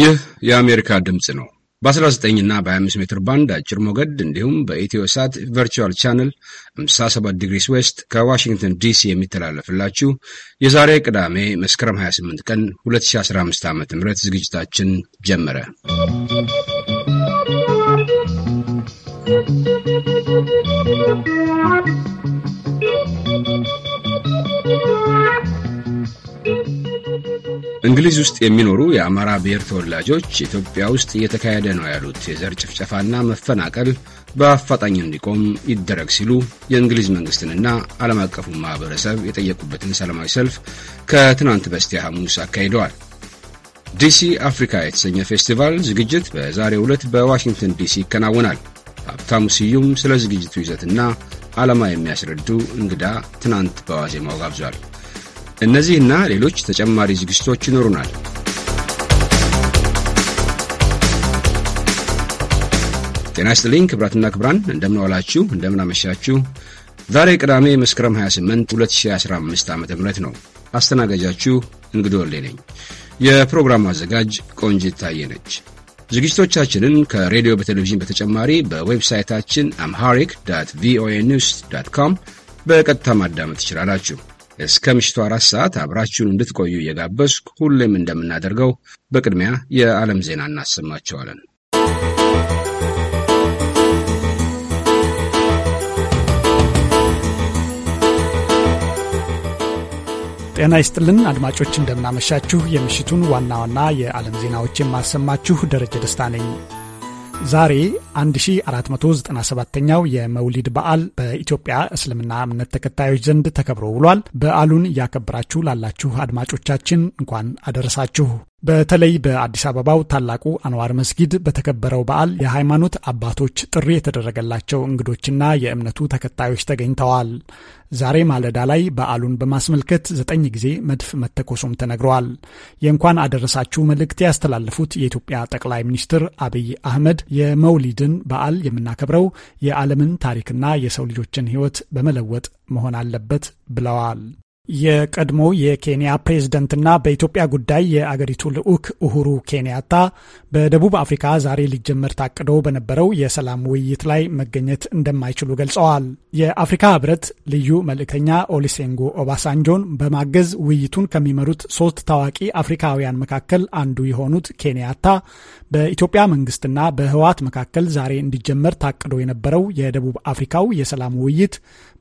ይህ የአሜሪካ ድምፅ ነው። በ19 እና በ25 ሜትር ባንድ አጭር ሞገድ እንዲሁም በኢትዮ ሳት ቨርቹዋል ቻነል 57 ዲግሪስ ዌስት ከዋሽንግተን ዲሲ የሚተላለፍላችሁ የዛሬ ቅዳሜ መስከረም 28 ቀን 2015 ዓ ም ዝግጅታችን ጀመረ። ¶¶ እንግሊዝ ውስጥ የሚኖሩ የአማራ ብሔር ተወላጆች ኢትዮጵያ ውስጥ እየተካሄደ ነው ያሉት የዘር ጭፍጨፋና መፈናቀል በአፋጣኝ እንዲቆም ይደረግ ሲሉ የእንግሊዝ መንግስትንና ዓለም አቀፉን ማኅበረሰብ የጠየቁበትን ሰላማዊ ሰልፍ ከትናንት በስቲያ ሐሙስ አካሂደዋል። ዲሲ አፍሪካ የተሰኘ ፌስቲቫል ዝግጅት በዛሬው ዕለት በዋሽንግተን ዲሲ ይከናወናል። ሀብታሙ ስዩም ስለ ዝግጅቱ ይዘትና ዓላማ የሚያስረዱ እንግዳ ትናንት በዋዜማው ጋብዟል። እነዚህና ሌሎች ተጨማሪ ዝግጅቶች ይኖሩናል። ጤና ይስጥልኝ ክብራትና ክብራን፣ እንደምናዋላችሁ፣ እንደምናመሻችሁ። ዛሬ ቅዳሜ መስከረም 28 2015 ዓ ም ነው። አስተናጋጃችሁ እንግዶ ወሌ ነኝ። የፕሮግራሙ አዘጋጅ ቆንጅ ታየነች ነች። ዝግጅቶቻችንን ከሬዲዮ በቴሌቪዥን በተጨማሪ በዌብሳይታችን አምሃሪክ ዳት ቪኦኤ ኒውስ ዳት ኮም በቀጥታ ማዳመጥ ትችላላችሁ። እስከ ምሽቱ አራት ሰዓት አብራችሁን እንድትቆዩ እየጋበዝኩ ሁሌም እንደምናደርገው በቅድሚያ የዓለም ዜና እናሰማቸዋለን። ጤና ይስጥልን አድማጮች፣ እንደምናመሻችሁ። የምሽቱን ዋና ዋና የዓለም ዜናዎች የማሰማችሁ ደረጀ ደስታ ነኝ። ዛሬ 1497ኛው የመውሊድ በዓል በኢትዮጵያ እስልምና እምነት ተከታዮች ዘንድ ተከብሮ ውሏል። በዓሉን እያከበራችሁ ላላችሁ አድማጮቻችን እንኳን አደረሳችሁ። በተለይ በአዲስ አበባው ታላቁ አንዋር መስጊድ በተከበረው በዓል የሃይማኖት አባቶች ጥሪ የተደረገላቸው እንግዶችና የእምነቱ ተከታዮች ተገኝተዋል። ዛሬ ማለዳ ላይ በዓሉን በማስመልከት ዘጠኝ ጊዜ መድፍ መተኮሱም ተነግረዋል። የእንኳን አደረሳችሁ መልእክት ያስተላለፉት የኢትዮጵያ ጠቅላይ ሚኒስትር አብይ አህመድ የመውሊድን በዓል የምናከብረው የዓለምን ታሪክና የሰው ልጆችን ሕይወት በመለወጥ መሆን አለበት ብለዋል። የቀድሞ የኬንያ ፕሬዝደንትና በኢትዮጵያ ጉዳይ የአገሪቱ ልዑክ ኡሁሩ ኬንያታ በደቡብ አፍሪካ ዛሬ ሊጀመር ታቅዶ በነበረው የሰላም ውይይት ላይ መገኘት እንደማይችሉ ገልጸዋል። የአፍሪካ ሕብረት ልዩ መልእክተኛ ኦሊሴንጎ ኦባሳንጆን በማገዝ ውይይቱን ከሚመሩት ሶስት ታዋቂ አፍሪካውያን መካከል አንዱ የሆኑት ኬንያታ በኢትዮጵያ መንግስትና በህወሓት መካከል ዛሬ እንዲጀመር ታቅዶ የነበረው የደቡብ አፍሪካው የሰላም ውይይት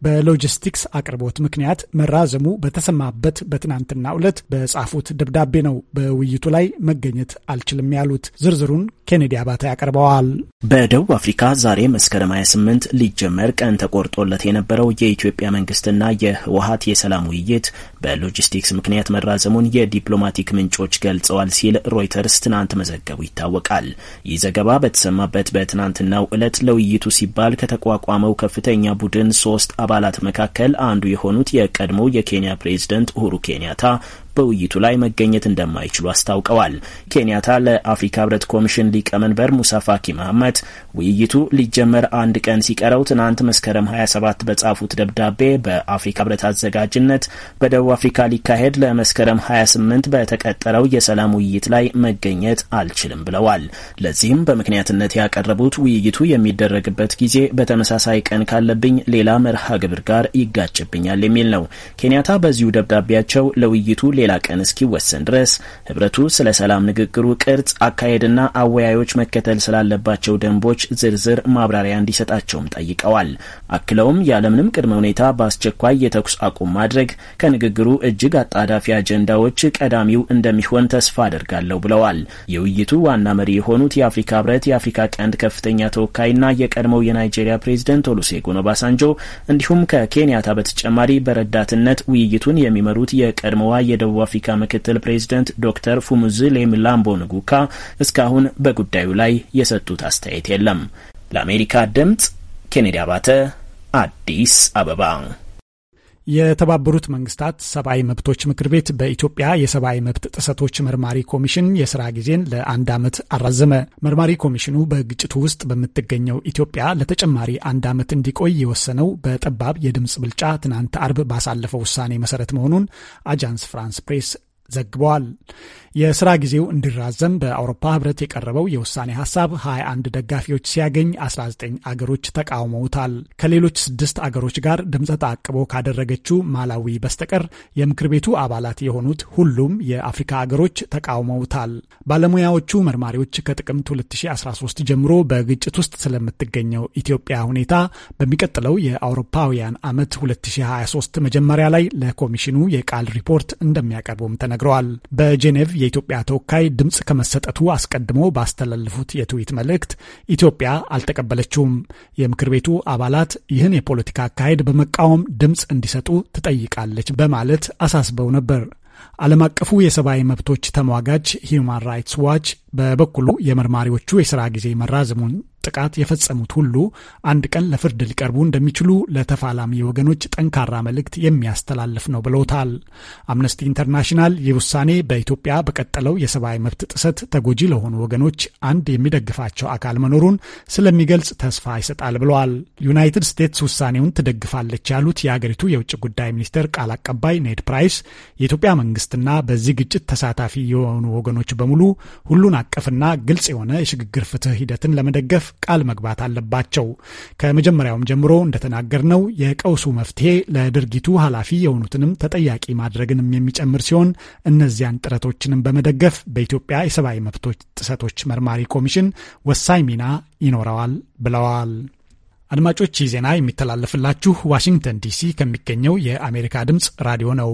በሎጂስቲክስ አቅርቦት ምክንያት መራዘሙ በተሰማበት በትናንትና ዕለት በጻፉት ደብዳቤ ነው በውይይቱ ላይ መገኘት አልችልም ያሉት። ዝርዝሩን ኬኔዲ አባተ ያቀርበዋል። በደቡብ አፍሪካ ዛሬ መስከረም 28 ሊጀመር ቀን ተቆርጦለት የነበረው የኢትዮጵያ መንግስትና የህወሀት የሰላም ውይይት በሎጂስቲክስ ምክንያት መራዘሙን የዲፕሎማቲክ ምንጮች ገልጸዋል ሲል ሮይተርስ ትናንት መዘገቡ ይታወቃል። ይህ ዘገባ በተሰማበት በትናንትናው ዕለት ለውይይቱ ሲባል ከተቋቋመው ከፍተኛ ቡድን ሶስት አባላት መካከል አንዱ የሆኑት የቀድሞ የኬንያ የኬንያ ፕሬዝደንት ኡሁሩ ኬንያታ በውይይቱ ላይ መገኘት እንደማይችሉ አስታውቀዋል። ኬንያታ ለአፍሪካ ህብረት ኮሚሽን ሊቀመንበር ሙሳ ፋኪ መሐመድ ውይይቱ ሊጀመር አንድ ቀን ሲቀረው ትናንት መስከረም 27 በጻፉት ደብዳቤ በአፍሪካ ህብረት አዘጋጅነት በደቡብ አፍሪካ ሊካሄድ ለመስከረም 28 በተቀጠረው የሰላም ውይይት ላይ መገኘት አልችልም ብለዋል። ለዚህም በምክንያትነት ያቀረቡት ውይይቱ የሚደረግበት ጊዜ በተመሳሳይ ቀን ካለብኝ ሌላ መርሃ ግብር ጋር ይጋጭብኛል የሚል ነው። ኬንያታ በዚሁ ደብዳቤያቸው ለውይይቱ ሌላ ቀን እስኪወሰን ድረስ ህብረቱ ስለ ሰላም ንግግሩ ቅርጽ፣ አካሄድና አወያዮች መከተል ስላለባቸው ደንቦች ዝርዝር ማብራሪያ እንዲሰጣቸውም ጠይቀዋል። አክለውም ያለምንም ቅድመ ሁኔታ በአስቸኳይ የተኩስ አቁም ማድረግ ከንግግሩ እጅግ አጣዳፊ አጀንዳዎች ቀዳሚው እንደሚሆን ተስፋ አድርጋለሁ ብለዋል። የውይይቱ ዋና መሪ የሆኑት የአፍሪካ ህብረት የአፍሪካ ቀንድ ከፍተኛ ተወካይና የቀድሞው የናይጄሪያ ፕሬዚደንት ኦሉሴጉን ኦባሳንጆ እንዲሁም ከኬንያታ በተጨማሪ በረዳትነት ውይይቱን የሚመሩት የቀድሞዋ የደቡብ የደቡብ አፍሪካ ምክትል ፕሬዚደንት ዶክተር ፉሙዝሌ ምላምቦ ንጉካ እስካሁን በጉዳዩ ላይ የሰጡት አስተያየት የለም። ለአሜሪካ ድምጽ ኬኔዲ አባተ አዲስ አበባ የተባበሩት መንግስታት ሰብአዊ መብቶች ምክር ቤት በኢትዮጵያ የሰብአዊ መብት ጥሰቶች መርማሪ ኮሚሽን የስራ ጊዜን ለአንድ ዓመት አራዘመ። መርማሪ ኮሚሽኑ በግጭቱ ውስጥ በምትገኘው ኢትዮጵያ ለተጨማሪ አንድ ዓመት እንዲቆይ የወሰነው በጠባብ የድምፅ ብልጫ ትናንት አርብ ባሳለፈው ውሳኔ መሰረት መሆኑን አጃንስ ፍራንስ ፕሬስ ዘግበዋል። የስራ ጊዜው እንዲራዘም በአውሮፓ ህብረት የቀረበው የውሳኔ ሀሳብ 21 ደጋፊዎች ሲያገኝ 19 አገሮች ተቃውመውታል። ከሌሎች ስድስት አገሮች ጋር ድምፀ ተአቅቦ ካደረገችው ማላዊ በስተቀር የምክር ቤቱ አባላት የሆኑት ሁሉም የአፍሪካ አገሮች ተቃውመውታል። ባለሙያዎቹ መርማሪዎች ከጥቅምት 2013 ጀምሮ በግጭት ውስጥ ስለምትገኘው ኢትዮጵያ ሁኔታ በሚቀጥለው የአውሮፓውያን ዓመት 2023 መጀመሪያ ላይ ለኮሚሽኑ የቃል ሪፖርት እንደሚያቀርቡም ተነ ተነግረዋል። በጄኔቭ የኢትዮጵያ ተወካይ ድምፅ ከመሰጠቱ አስቀድሞ ባስተላለፉት የትዊት መልእክት ኢትዮጵያ አልተቀበለችውም። የምክር ቤቱ አባላት ይህን የፖለቲካ አካሄድ በመቃወም ድምፅ እንዲሰጡ ትጠይቃለች በማለት አሳስበው ነበር። ዓለም አቀፉ የሰብአዊ መብቶች ተሟጋች ሂዩማን ራይትስ ዋች በበኩሉ የመርማሪዎቹ የሥራ ጊዜ መራዘሙን ጥቃት የፈጸሙት ሁሉ አንድ ቀን ለፍርድ ሊቀርቡ እንደሚችሉ ለተፋላሚ ወገኖች ጠንካራ መልእክት የሚያስተላልፍ ነው ብለውታል። አምነስቲ ኢንተርናሽናል ይህ ውሳኔ በኢትዮጵያ በቀጠለው የሰብአዊ መብት ጥሰት ተጎጂ ለሆኑ ወገኖች አንድ የሚደግፋቸው አካል መኖሩን ስለሚገልጽ ተስፋ ይሰጣል ብለዋል። ዩናይትድ ስቴትስ ውሳኔውን ትደግፋለች ያሉት የአገሪቱ የውጭ ጉዳይ ሚኒስቴር ቃል አቀባይ ኔድ ፕራይስ የኢትዮጵያ መንግስትና በዚህ ግጭት ተሳታፊ የሆኑ ወገኖች በሙሉ ሁሉን አቀፍና ግልጽ የሆነ የሽግግር ፍትህ ሂደትን ለመደገፍ ቃል መግባት አለባቸው። ከመጀመሪያውም ጀምሮ እንደተናገርነው የቀውሱ መፍትሄ ለድርጊቱ ኃላፊ የሆኑትንም ተጠያቂ ማድረግንም የሚጨምር ሲሆን እነዚያን ጥረቶችንም በመደገፍ በኢትዮጵያ የሰብአዊ መብቶች ጥሰቶች መርማሪ ኮሚሽን ወሳኝ ሚና ይኖረዋል ብለዋል። አድማጮች ይህ ዜና የሚተላለፍላችሁ ዋሽንግተን ዲሲ ከሚገኘው የአሜሪካ ድምፅ ራዲዮ ነው።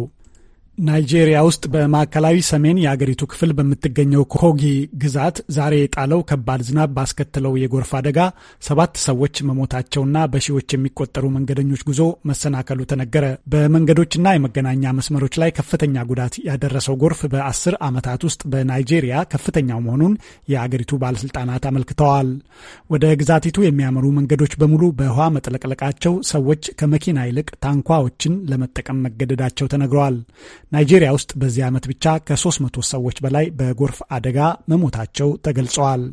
ናይጄሪያ ውስጥ በማዕከላዊ ሰሜን የአገሪቱ ክፍል በምትገኘው ኮጊ ግዛት ዛሬ የጣለው ከባድ ዝናብ ባስከተለው የጎርፍ አደጋ ሰባት ሰዎች መሞታቸውና በሺዎች የሚቆጠሩ መንገደኞች ጉዞ መሰናከሉ ተነገረ። በመንገዶችና የመገናኛ መስመሮች ላይ ከፍተኛ ጉዳት ያደረሰው ጎርፍ በአስር ዓመታት ውስጥ በናይጄሪያ ከፍተኛው መሆኑን የአገሪቱ ባለስልጣናት አመልክተዋል። ወደ ግዛቲቱ የሚያመሩ መንገዶች በሙሉ በውሃ መጥለቅለቃቸው ሰዎች ከመኪና ይልቅ ታንኳዎችን ለመጠቀም መገደዳቸው ተነግረዋል። ናይጄሪያ ውስጥ በዚህ ዓመት ብቻ ከ300 ሰዎች በላይ በጎርፍ አደጋ መሞታቸው ተገልጸዋል።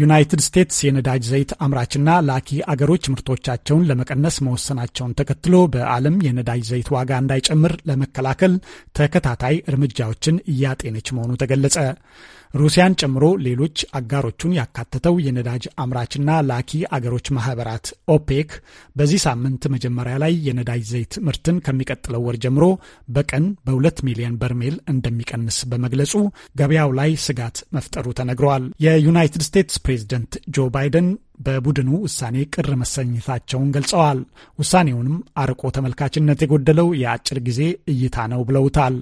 ዩናይትድ ስቴትስ የነዳጅ ዘይት አምራችና ላኪ አገሮች ምርቶቻቸውን ለመቀነስ መወሰናቸውን ተከትሎ በዓለም የነዳጅ ዘይት ዋጋ እንዳይጨምር ለመከላከል ተከታታይ እርምጃዎችን እያጤነች መሆኑ ተገለጸ። ሩሲያን ጨምሮ ሌሎች አጋሮቹን ያካተተው የነዳጅ አምራችና ላኪ አገሮች ማህበራት ኦፔክ በዚህ ሳምንት መጀመሪያ ላይ የነዳጅ ዘይት ምርትን ከሚቀጥለው ወር ጀምሮ በቀን በሁለት ሚሊዮን በርሜል እንደሚቀንስ በመግለጹ ገበያው ላይ ስጋት መፍጠሩ ተነግረዋል። የዩናይትድ ስቴትስ ፕሬዝደንት ጆ ባይደን በቡድኑ ውሳኔ ቅር መሰኝታቸውን ገልጸዋል። ውሳኔውንም አርቆ ተመልካችነት የጎደለው የአጭር ጊዜ እይታ ነው ብለውታል።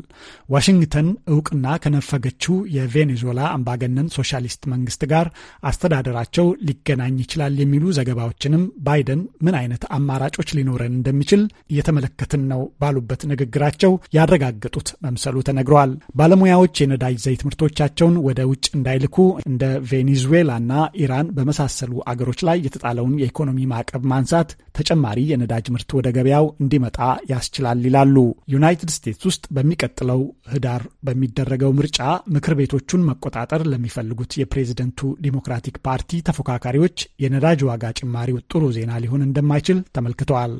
ዋሽንግተን እውቅና ከነፈገችው የቬኔዙዌላ አምባገነን ሶሻሊስት መንግስት ጋር አስተዳደራቸው ሊገናኝ ይችላል የሚሉ ዘገባዎችንም ባይደን ምን አይነት አማራጮች ሊኖረን እንደሚችል እየተመለከትን ነው ባሉበት ንግግራቸው ያረጋገጡት መምሰሉ ተነግረዋል። ባለሙያዎች የነዳጅ ዘይት ምርቶቻቸውን ወደ ውጭ እንዳይልኩ እንደ ቬኔዙዌላና ኢራን በመሳሰሉ አገ ሀገሮች ላይ የተጣለውን የኢኮኖሚ ማዕቀብ ማንሳት ተጨማሪ የነዳጅ ምርት ወደ ገበያው እንዲመጣ ያስችላል ይላሉ። ዩናይትድ ስቴትስ ውስጥ በሚቀጥለው ህዳር በሚደረገው ምርጫ ምክር ቤቶቹን መቆጣጠር ለሚፈልጉት የፕሬዝደንቱ ዲሞክራቲክ ፓርቲ ተፎካካሪዎች የነዳጅ ዋጋ ጭማሪው ጥሩ ዜና ሊሆን እንደማይችል ተመልክተዋል።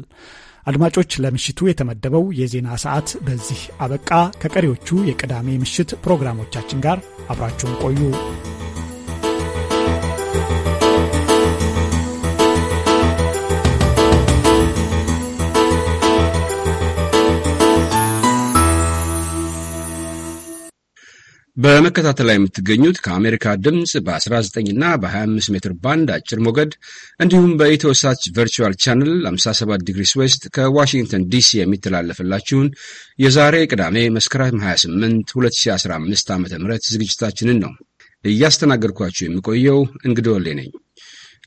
አድማጮች፣ ለምሽቱ የተመደበው የዜና ሰዓት በዚህ አበቃ። ከቀሪዎቹ የቅዳሜ ምሽት ፕሮግራሞቻችን ጋር አብራችሁን ቆዩ። በመከታተል ላይ የምትገኙት ከአሜሪካ ድምፅ በ19 እና በ25 ሜትር ባንድ አጭር ሞገድ እንዲሁም በኢትዮሳች ቨርቹዋል ቻነል 57 ዲግሪስ ዌስት ከዋሽንግተን ዲሲ የሚተላለፍላችሁን የዛሬ ቅዳሜ መስከረም 28 2015 ዓ ም ዝግጅታችንን ነው። እያስተናገድኳችሁ የሚቆየው እንግዲህ ወሌ ነኝ።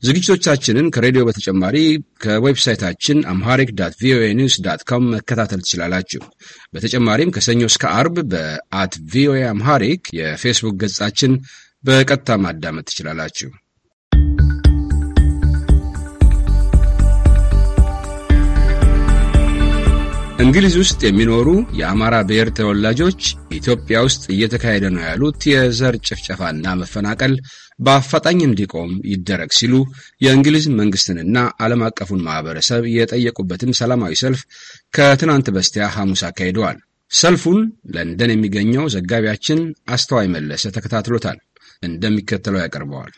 ዝግጅቶቻችንን ከሬዲዮ በተጨማሪ ከዌብሳይታችን አምሃሪክ ዳት ቪኦኤ ኒውስ ዳት ኮም መከታተል ትችላላችሁ። በተጨማሪም ከሰኞ እስከ አርብ በአት ቪኦኤ አምሃሪክ የፌስቡክ ገጻችን በቀጥታ ማዳመጥ ትችላላችሁ። እንግሊዝ ውስጥ የሚኖሩ የአማራ ብሔር ተወላጆች ኢትዮጵያ ውስጥ እየተካሄደ ነው ያሉት የዘር ጭፍጨፋና መፈናቀል በአፋጣኝ እንዲቆም ይደረግ ሲሉ የእንግሊዝ መንግስትንና ዓለም አቀፉን ማህበረሰብ የጠየቁበትን ሰላማዊ ሰልፍ ከትናንት በስቲያ ሐሙስ አካሂደዋል። ሰልፉን ለንደን የሚገኘው ዘጋቢያችን አስተዋይ መለሰ ተከታትሎታል፣ እንደሚከተለው ያቀርበዋል።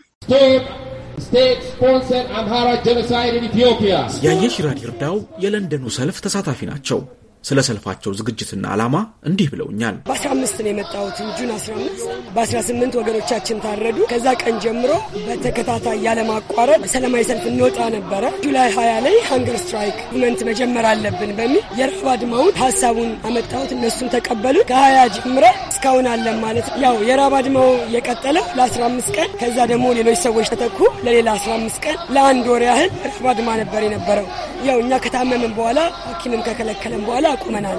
የአየሽራድ ይርዳው የለንደኑ ሰልፍ ተሳታፊ ናቸው። ስለ ሰልፋቸው ዝግጅትና ዓላማ እንዲህ ብለውኛል። በ15 ነው የመጣሁት ጁን 15 በ18 ወገኖቻችን ታረዱ። ከዛ ቀን ጀምሮ በተከታታይ ያለማቋረጥ ሰላማዊ ሰልፍ እንወጣ ነበረ። ጁላይ 20 ላይ ሃንገር ስትራይክ ሙቭመንት መጀመር አለብን በሚል የረሃብ አድማውን ሀሳቡን አመጣሁት። እነሱም ተቀበሉት። ከ20 ጀምረ እስካሁን አለን ማለት ያው የረሃብ አድማው የቀጠለው ለ15 ቀን ከዛ ደግሞ ሌሎች ሰዎች ተተኩ ለሌላ 15 ቀን ለአንድ ወር ያህል ረሃብ አድማ ነበር የነበረው። ያው እኛ ከታመምን በኋላ ሐኪምም ከከለከለን በኋላ ቁመናል።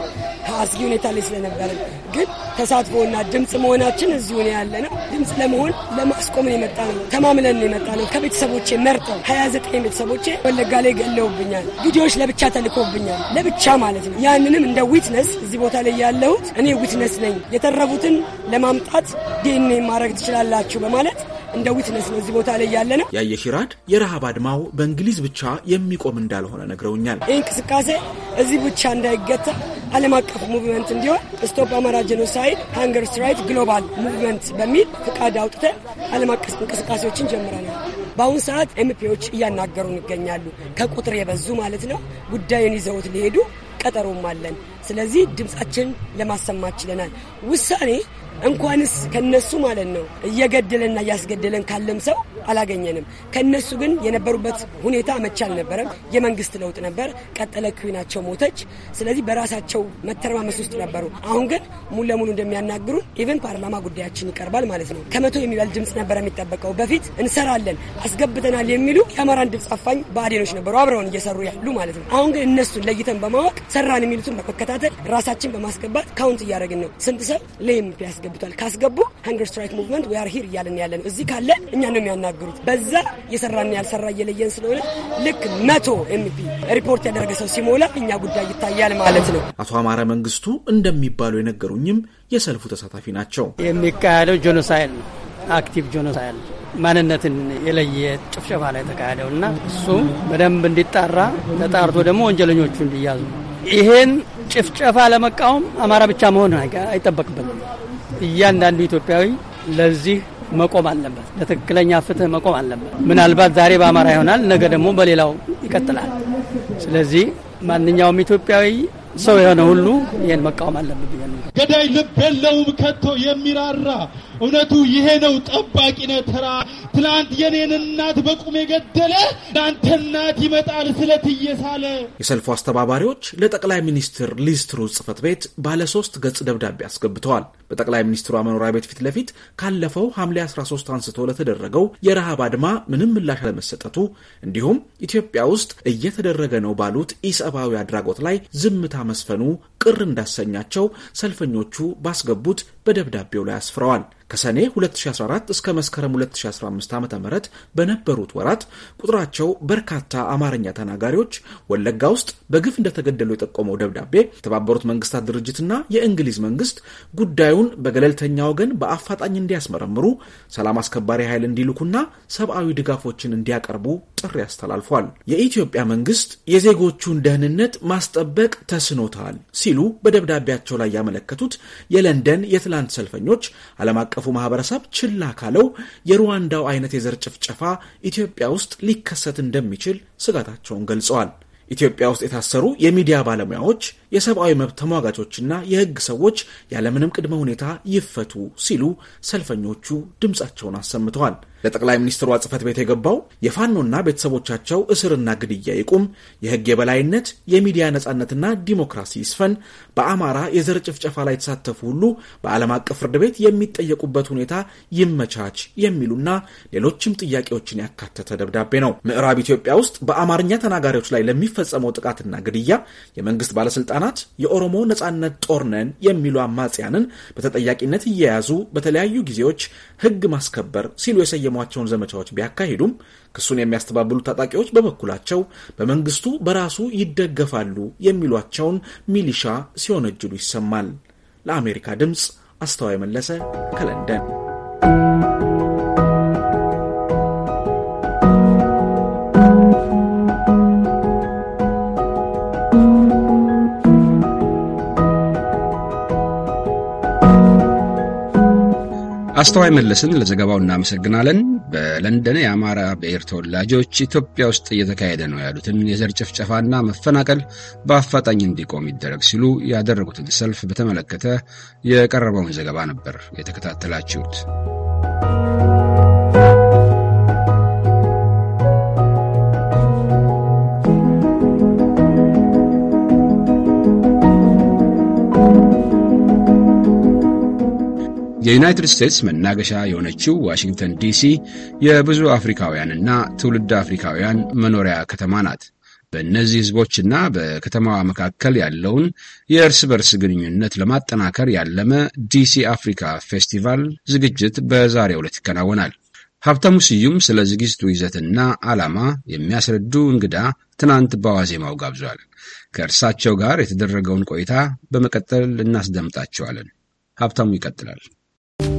አስጊ ሁኔታ ላይ ስለነበረን ግን ተሳትፎና ድምፅ መሆናችን እዚሁ ነው ያለ ነው። ድምፅ ለመሆን ለማስቆም የመጣ ነው። ተማምለን ነው የመጣ ነው። ከቤተሰቦቼ መርጠው ሀያ ዘጠኝ ቤተሰቦቼ ወለጋ ላይ ገለውብኛል። ቪዲዮዎች ለብቻ ተልኮብኛል፣ ለብቻ ማለት ነው። ያንንም እንደ ዊትነስ እዚህ ቦታ ላይ ያለሁት እኔ ዊትነስ ነኝ። የተረፉትን ለማምጣት ዲኤንኤ ማድረግ ትችላላችሁ በማለት እንደ ዊትነስ ነው እዚህ ቦታ ላይ ያለ ነው። ያየሽራድ የረሃብ አድማው በእንግሊዝ ብቻ የሚቆም እንዳልሆነ ነግረውኛል። ይህ እንቅስቃሴ እዚህ ብቻ እንዳይገታ ዓለም አቀፍ ሙቭመንት እንዲሆን ስቶፕ አማራ ጀኖሳይድ ሃንገር ስትራይክ ግሎባል ሙቭመንት በሚል ፍቃድ አውጥተን ዓለም አቀፍ እንቅስቃሴዎችን ጀምረናል። በአሁኑ ሰዓት ኤምፒዎች እያናገሩ ይገኛሉ። ከቁጥር የበዙ ማለት ነው። ጉዳዩን ይዘውት ሊሄዱ ቀጠሮም አለን። ስለዚህ ድምጻችን ለማሰማት ችለናል። ውሳኔ እንኳንስ ከነሱ ማለት ነው እየገደለና እያስገደለን ካለም ሰው አላገኘንም። ከነሱ ግን የነበሩበት ሁኔታ መቻ አልነበረም። የመንግስት ለውጥ ነበር። ቀጠለ ኩናቸው ሞተች። ስለዚህ በራሳቸው መተረማመስ ውስጥ ነበሩ። አሁን ግን ሙሉ ለሙሉ እንደሚያናግሩን ኢቨን ፓርላማ ጉዳያችን ይቀርባል ማለት ነው። ከመቶ የሚበል ድምፅ ነበር የሚጠበቀው። በፊት እንሰራለን አስገብተናል የሚሉ የአማራን ድምፅ አፋኝ በአዴኖች ነበሩ አብረውን እየሰሩ ያሉ ማለት ነው። አሁን ግን እነሱን ለይተን በማወቅ ሰራን የሚሉትን በመከታተል ራሳችን በማስገባት ካውንት እያደረግን ነው። ስንት ሰው ለይም ያስገ አስገብቷል። ካስገቡ ሀንገር ስትራይክ ሙቭመንት ዊ አር ሂር እያለን ያለ ነው። እዚህ ካለ እኛ ነው የሚያናግሩት። በዛ የሰራና ያልሰራ እየለየን ስለሆነ ልክ መቶ ኤምፒ ሪፖርት ያደረገ ሰው ሲሞላ እኛ ጉዳይ ይታያል ማለት ነው። አቶ አማረ መንግስቱ እንደሚባሉ የነገሩኝም የሰልፉ ተሳታፊ ናቸው። የሚካሄደው ጆኖሳይድ ነው፣ አክቲቭ ጆኖሳይድ ማንነትን የለየ ጭፍጨፋ ላይ የተካሄደው እና እሱም በደንብ እንዲጣራ ተጣርቶ ደግሞ ወንጀለኞቹ እንዲያዙ ይሄን ጭፍጨፋ ለመቃወም አማራ ብቻ መሆን አይጠበቅብንም። እያንዳንዱ ኢትዮጵያዊ ለዚህ መቆም አለበት። ለትክክለኛ ፍትህ መቆም አለበት። ምናልባት ዛሬ በአማራ ይሆናል፣ ነገ ደግሞ በሌላው ይቀጥላል። ስለዚህ ማንኛውም ኢትዮጵያዊ ሰው የሆነ ሁሉ ይህን መቃወም አለበት። ገዳይ ልብ የለውም ከቶ የሚራራ እውነቱ ይሄ ነው። ጠባቂ ነህ ተራ ትላንት የኔን እናት በቁም የገደለ ለአንተ እናት ይመጣል ስለት እየሳለ። የሰልፉ አስተባባሪዎች ለጠቅላይ ሚኒስትር ሊዝ ትሩዝ ጽህፈት ቤት ባለ ሶስት ገጽ ደብዳቤ አስገብተዋል። በጠቅላይ ሚኒስትሯ መኖሪያ ቤት ፊት ለፊት ካለፈው ሐምሌ 13 አንስቶ ለተደረገው የረሃብ አድማ ምንም ምላሽ አለመሰጠቱ እንዲሁም ኢትዮጵያ ውስጥ እየተደረገ ነው ባሉት ኢሰብአዊ አድራጎት ላይ ዝምታ መስፈኑ ቅር እንዳሰኛቸው ሰልፈኞቹ ባስገቡት በደብዳቤው ላይ አስፍረዋል። ከሰኔ 2014 እስከ መስከረም 2015 ዓ ም በነበሩት ወራት ቁጥራቸው በርካታ አማርኛ ተናጋሪዎች ወለጋ ውስጥ በግፍ እንደተገደሉ የጠቆመው ደብዳቤ የተባበሩት መንግስታት ድርጅትና የእንግሊዝ መንግስት ጉዳዩን በገለልተኛ ወገን በአፋጣኝ እንዲያስመረምሩ፣ ሰላም አስከባሪ ኃይል እንዲልኩና ሰብአዊ ድጋፎችን እንዲያቀርቡ ጥሪ አስተላልፏል። የኢትዮጵያ መንግስት የዜጎቹን ደህንነት ማስጠበቅ ተስኖታል ሲሉ በደብዳቤያቸው ላይ ያመለከቱት የለንደን የትላንት ሰልፈኞች ዓለም አቀፉ ማህበረሰብ ችላ ካለው የሩዋንዳው አይነት የዘር ጭፍጨፋ ኢትዮጵያ ውስጥ ሊከሰት እንደሚችል ስጋታቸውን ገልጸዋል። ኢትዮጵያ ውስጥ የታሰሩ የሚዲያ ባለሙያዎች፣ የሰብአዊ መብት ተሟጋቾችና የሕግ ሰዎች ያለምንም ቅድመ ሁኔታ ይፈቱ ሲሉ ሰልፈኞቹ ድምፃቸውን አሰምተዋል። ለጠቅላይ ሚኒስትሯ ጽህፈት ቤት የገባው የፋኖና ቤተሰቦቻቸው እስርና ግድያ ይቁም፣ የህግ የበላይነት፣ የሚዲያ ነጻነትና ዲሞክራሲ ይስፈን፣ በአማራ የዘር ጭፍጨፋ ላይ የተሳተፉ ሁሉ በዓለም አቀፍ ፍርድ ቤት የሚጠየቁበት ሁኔታ ይመቻች የሚሉና ሌሎችም ጥያቄዎችን ያካተተ ደብዳቤ ነው። ምዕራብ ኢትዮጵያ ውስጥ በአማርኛ ተናጋሪዎች ላይ ለሚፈጸመው ጥቃትና ግድያ የመንግስት ባለስልጣናት የኦሮሞ ነጻነት ጦርነን የሚሉ አማጽያንን በተጠያቂነት እየያዙ በተለያዩ ጊዜዎች ህግ ማስከበር ሲሉ የሰየሟቸውን ዘመቻዎች ቢያካሂዱም ክሱን የሚያስተባብሉ ታጣቂዎች በበኩላቸው በመንግስቱ በራሱ ይደገፋሉ የሚሏቸውን ሚሊሻ ሲወነጅሉ ይሰማል። ለአሜሪካ ድምፅ አስተዋይ መለሰ ከለንደን አስተዋይ መለስን ለዘገባው እናመሰግናለን። በለንደን የአማራ ብሔር ተወላጆች ኢትዮጵያ ውስጥ እየተካሄደ ነው ያሉትን የዘር ጭፍጨፋና መፈናቀል በአፋጣኝ እንዲቆም ይደረግ ሲሉ ያደረጉትን ሰልፍ በተመለከተ የቀረበውን ዘገባ ነበር የተከታተላችሁት። የዩናይትድ ስቴትስ መናገሻ የሆነችው ዋሽንግተን ዲሲ የብዙ አፍሪካውያንና ትውልድ አፍሪካውያን መኖሪያ ከተማ ናት። በእነዚህ ህዝቦችና በከተማዋ መካከል ያለውን የእርስ በርስ ግንኙነት ለማጠናከር ያለመ ዲሲ አፍሪካ ፌስቲቫል ዝግጅት በዛሬው ዕለት ይከናወናል። ሀብታሙ ስዩም ስለ ዝግጅቱ ይዘትና ዓላማ የሚያስረዱ እንግዳ ትናንት በዋዜማው ጋብዟል። ከእርሳቸው ጋር የተደረገውን ቆይታ በመቀጠል እናስደምጣቸዋለን። ሀብታሙ ይቀጥላል።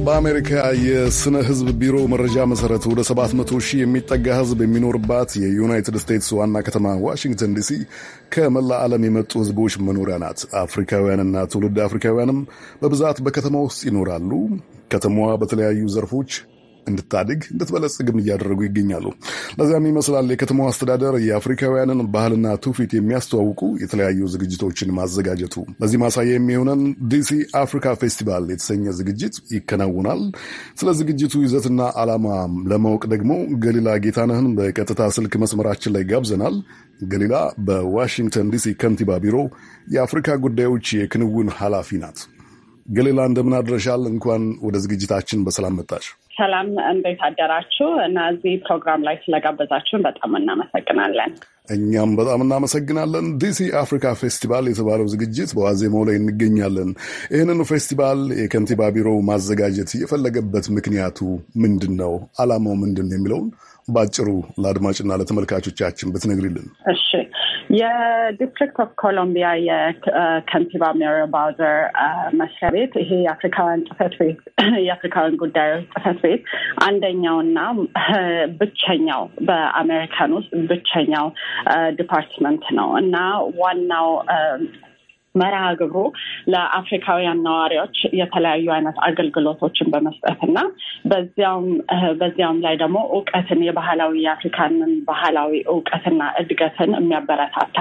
በአሜሪካ የሥነ ሕዝብ ቢሮ መረጃ መሠረት ወደ 700 ሺህ የሚጠጋ ሕዝብ የሚኖርባት የዩናይትድ ስቴትስ ዋና ከተማ ዋሽንግተን ዲሲ ከመላ ዓለም የመጡ ሕዝቦች መኖሪያ ናት። አፍሪካውያንና ትውልድ አፍሪካውያንም በብዛት በከተማ ውስጥ ይኖራሉ። ከተማዋ በተለያዩ ዘርፎች እንድታድግ እንድትበለጽግም እያደረጉ ይገኛሉ። ለዚያም ይመስላል የከተማው አስተዳደር የአፍሪካውያንን ባህልና ትውፊት የሚያስተዋውቁ የተለያዩ ዝግጅቶችን ማዘጋጀቱ። በዚህ ማሳያ የሚሆነን ዲሲ አፍሪካ ፌስቲቫል የተሰኘ ዝግጅት ይከናውናል። ስለ ዝግጅቱ ይዘትና ዓላማ ለማወቅ ደግሞ ገሊላ ጌታነህን በቀጥታ ስልክ መስመራችን ላይ ጋብዘናል። ገሊላ በዋሽንግተን ዲሲ ከንቲባ ቢሮ የአፍሪካ ጉዳዮች የክንውን ኃላፊ ናት። ገሌላ እንደምን አድረሻል? እንኳን ወደ ዝግጅታችን በሰላም መጣች። ሰላም፣ እንዴት አደራችሁ እና እዚህ ፕሮግራም ላይ ስለጋበዛችሁን በጣም እናመሰግናለን። እኛም በጣም እናመሰግናለን። ዲሲ አፍሪካ ፌስቲቫል የተባለው ዝግጅት በዋዜማው ላይ እንገኛለን። ይህንኑ ፌስቲቫል የከንቲባ ቢሮ ማዘጋጀት የፈለገበት ምክንያቱ ምንድን ነው? ዓላማው ምንድን ነው የሚለውን በአጭሩ ለአድማጭና ለተመልካቾቻችን ብትነግሪልን። እሺ የዲስትሪክት ኦፍ ኮሎምቢያ የከንቲባ ሜሪ ባውዘር መስሪያ ቤት ይሄ የአፍሪካውያን ጽህፈት ቤት የአፍሪካውያን ጉዳዮች ጽህፈት ቤት አንደኛውና ብቸኛው በአሜሪካን ውስጥ ብቸኛው ዲፓርትመንት ነው እና ዋናው መርሃ ግብሩ ለአፍሪካውያን ነዋሪዎች የተለያዩ አይነት አገልግሎቶችን በመስጠት እና በዚያውም በዚያውም ላይ ደግሞ እውቀትን የባህላዊ የአፍሪካንን ባህላዊ እውቀትና እድገትን የሚያበረታታ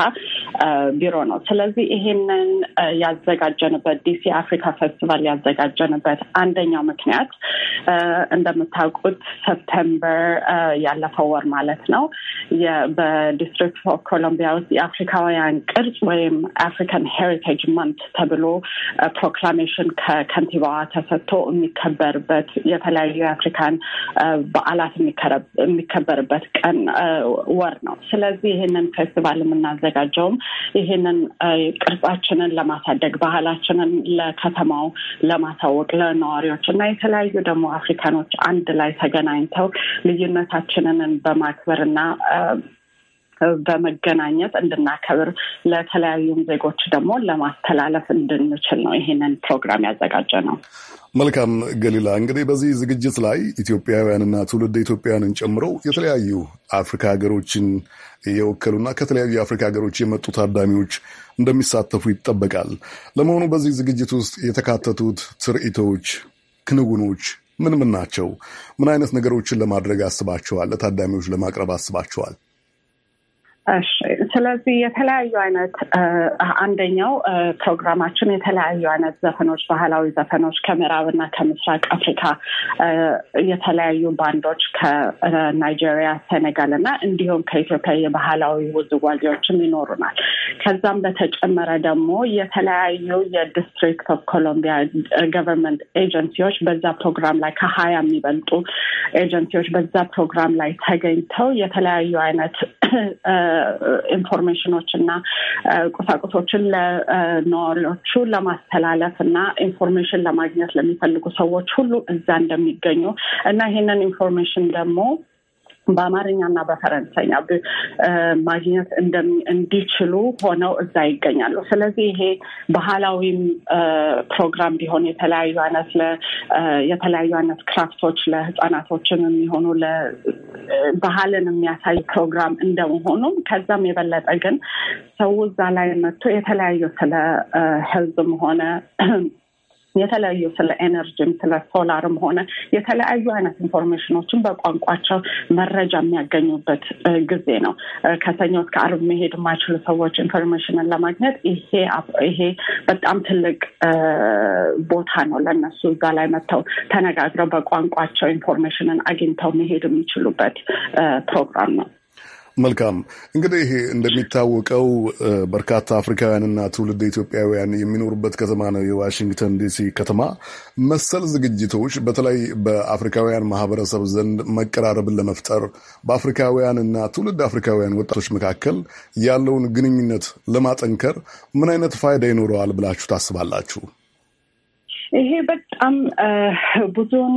ቢሮ ነው። ስለዚህ ይሄንን ያዘጋጀንበት ዲሲ አፍሪካ ፌስቲቫል ያዘጋጀንበት አንደኛው ምክንያት እንደምታውቁት ሰፕተምበር ያለፈው ወር ማለት ነው በዲስትሪክት ኦፍ ኮሎምቢያ ውስጥ የአፍሪካውያን ቅርጽ ወይም አፍሪካን ሄሪ ሄሪቴጅ ማንት ተብሎ ፕሮክላሜሽን ከከንቲባዋ ተሰጥቶ የሚከበርበት የተለያዩ የአፍሪካን በዓላት የሚከበርበት ቀን ወር ነው። ስለዚህ ይህንን ፌስቲቫል የምናዘጋጀውም ይህንን ቅርጻችንን ለማሳደግ ባህላችንን ለከተማው ለማሳወቅ ለነዋሪዎች እና የተለያዩ ደግሞ አፍሪካኖች አንድ ላይ ተገናኝተው ልዩነታችንን በማክበር እና በመገናኘት እንድናከብር ለተለያዩም ዜጎች ደግሞ ለማስተላለፍ እንድንችል ነው ይህንን ፕሮግራም ያዘጋጀ ነው። መልካም ገሊላ፣ እንግዲህ በዚህ ዝግጅት ላይ ኢትዮጵያውያንና ትውልድ ኢትዮጵያውያንን ጨምሮ የተለያዩ አፍሪካ ሀገሮችን የወከሉና ከተለያዩ የአፍሪካ ሀገሮች የመጡ ታዳሚዎች እንደሚሳተፉ ይጠበቃል። ለመሆኑ በዚህ ዝግጅት ውስጥ የተካተቱት ትርኢቶች፣ ክንውኖች ምን ምን ናቸው? ምን አይነት ነገሮችን ለማድረግ አስባችኋል? ለታዳሚዎች ለማቅረብ አስባችኋል? Ash, ስለዚህ የተለያዩ አይነት አንደኛው ፕሮግራማችን የተለያዩ አይነት ዘፈኖች፣ ባህላዊ ዘፈኖች ከምዕራብ እና ከምስራቅ አፍሪካ የተለያዩ ባንዶች ከናይጄሪያ፣ ሴኔጋል እና እንዲሁም ከኢትዮጵያ የባህላዊ ውዝዋዜዎችም ይኖሩናል። ከዛም በተጨመረ ደግሞ የተለያዩ የዲስትሪክት ኦፍ ኮሎምቢያ ገቨርንመንት ኤጀንሲዎች በዛ ፕሮግራም ላይ ከሀያ የሚበልጡ ኤጀንሲዎች በዛ ፕሮግራም ላይ ተገኝተው የተለያዩ አይነት ኢንፎርሜሽኖች እና ቁሳቁሶችን ለነዋሪዎቹ ለማስተላለፍ እና ኢንፎርሜሽን ለማግኘት ለሚፈልጉ ሰዎች ሁሉ እዛ እንደሚገኙ እና ይህንን ኢንፎርሜሽን ደግሞ በአማርኛ እና በፈረንሳይኛ ማግኘት እንዲችሉ ሆነው እዛ ይገኛሉ። ስለዚህ ይሄ ባህላዊም ፕሮግራም ቢሆን የተለያዩ አይነት የተለያዩ አይነት ክራፍቶች ለህፃናቶችም የሚሆኑ ባህልን የሚያሳይ ፕሮግራም እንደመሆኑም ከዛም የበለጠ ግን ሰው እዛ ላይ መጥቶ የተለያዩ ስለ ህዝብም ሆነ የተለያዩ ስለ ኤነርጂም ስለ ሶላርም ሆነ የተለያዩ አይነት ኢንፎርሜሽኖችን በቋንቋቸው መረጃ የሚያገኙበት ጊዜ ነው። ከሰኞ እስከ አርብ መሄድ የማይችሉ ሰዎች ኢንፎርሜሽንን ለማግኘት ይሄ ይሄ በጣም ትልቅ ቦታ ነው ለእነሱ እዛ ላይ መጥተው ተነጋግረው በቋንቋቸው ኢንፎርሜሽንን አግኝተው መሄድ የሚችሉበት ፕሮግራም ነው። መልካም እንግዲህ እንደሚታወቀው በርካታ አፍሪካውያንና ትውልድ ኢትዮጵያውያን የሚኖሩበት ከተማ ነው የዋሽንግተን ዲሲ ከተማ። መሰል ዝግጅቶች በተለይ በአፍሪካውያን ማህበረሰብ ዘንድ መቀራረብን ለመፍጠር በአፍሪካውያንና ትውልድ አፍሪካውያን ወጣቶች መካከል ያለውን ግንኙነት ለማጠንከር ምን አይነት ፋይዳ ይኖረዋል ብላችሁ ታስባላችሁ? ይሄ በጣም ብዙውን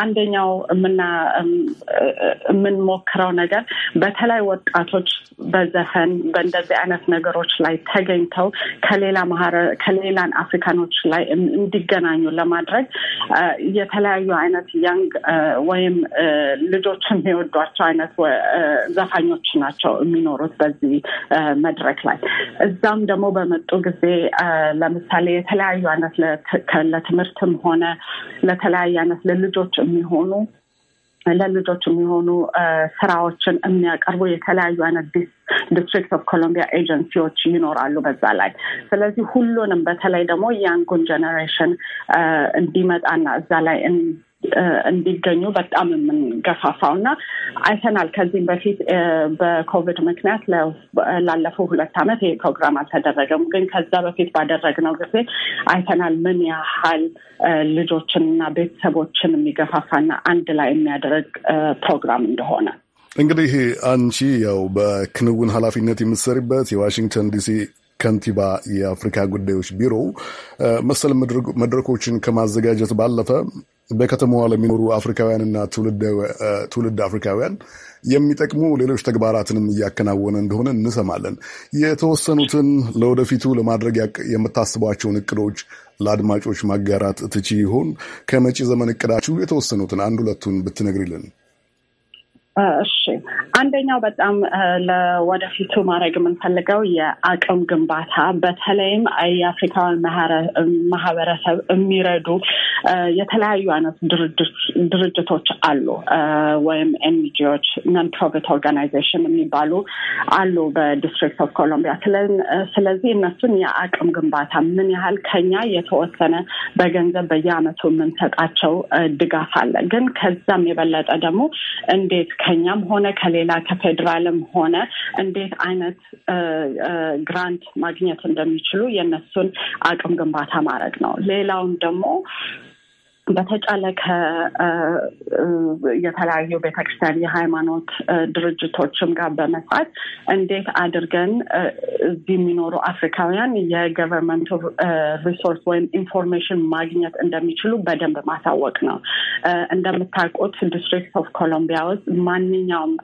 አንደኛው የምንሞክረው ነገር በተለይ ወጣቶች በዘፈን በእንደዚህ አይነት ነገሮች ላይ ተገኝተው ከሌላ ከሌላን አፍሪካኖች ላይ እንዲገናኙ ለማድረግ የተለያዩ አይነት ያንግ ወይም ልጆች የሚወዷቸው አይነት ዘፋኞች ናቸው የሚኖሩት በዚህ መድረክ ላይ። እዛም ደግሞ በመጡ ጊዜ ለምሳሌ የተለያዩ አይነት ለትምህርትም ሆነ ለተለያየ አይነት ህጻናት ለልጆች የሚሆኑ ለልጆች የሚሆኑ ስራዎችን የሚያቀርቡ የተለያዩ አይነት ዲስትሪክት ኦፍ ኮሎምቢያ ኤጀንሲዎች ይኖራሉ በዛ ላይ። ስለዚህ ሁሉንም በተለይ ደግሞ ያንጉን ጀኔሬሽን እንዲመጣና እዛ ላይ እንዲገኙ በጣም የምንገፋፋው እና አይተናል። ከዚህም በፊት በኮቪድ ምክንያት ላለፈው ሁለት ዓመት ይሄ ፕሮግራም አልተደረገም፣ ግን ከዛ በፊት ባደረግነው ጊዜ አይተናል ምን ያህል ልጆችንና ቤተሰቦችን የሚገፋፋና አንድ ላይ የሚያደርግ ፕሮግራም እንደሆነ እንግዲህ አንቺ ያው በክንውን ኃላፊነት የምትሰሪበት የዋሽንግተን ዲሲ ከንቲባ የአፍሪካ ጉዳዮች ቢሮ መሰል መድረኮችን ከማዘጋጀት ባለፈ በከተማዋ ለሚኖሩ አፍሪካውያንና ትውልድ አፍሪካውያን የሚጠቅሙ ሌሎች ተግባራትንም እያከናወነ እንደሆነ እንሰማለን። የተወሰኑትን ለወደፊቱ ለማድረግ የምታስቧቸውን እቅዶች ለአድማጮች ማጋራት ትቺ ይሆን? ከመጪ ዘመን እቅዳችሁ የተወሰኑትን አንድ ሁለቱን ብትነግሪልን። እሺ አንደኛው በጣም ለወደፊቱ ማድረግ የምንፈልገው የአቅም ግንባታ በተለይም የአፍሪካውያን ማህበረሰብ የሚረዱ የተለያዩ አይነት ድርጅቶች አሉ፣ ወይም ኤንጂዎች ነን ፕሮፊት ኦርጋናይዜሽን የሚባሉ አሉ በዲስትሪክት ኦፍ ኮሎምቢያ። ስለዚህ እነሱን የአቅም ግንባታ ምን ያህል ከኛ የተወሰነ በገንዘብ በየአመቱ የምንሰጣቸው ድጋፍ አለ፣ ግን ከዛም የበለጠ ደግሞ እንዴት ከኛም ሆነ ከሌላ ከፌዴራልም ሆነ እንዴት አይነት ግራንት ማግኘት እንደሚችሉ የእነሱን አቅም ግንባታ ማድረግ ነው። ሌላውም ደግሞ በተቻለ የተለያዩ ቤተክርስቲያን የሃይማኖት ድርጅቶችም ጋር በመስራት እንዴት አድርገን እዚህ የሚኖሩ አፍሪካውያን የገቨርንመንቱ ሪሶርስ ወይም ኢንፎርሜሽን ማግኘት እንደሚችሉ በደንብ ማሳወቅ ነው። እንደምታውቁት ዲስትሪክት ኦፍ ኮሎምቢያ ውስጥ ማንኛውም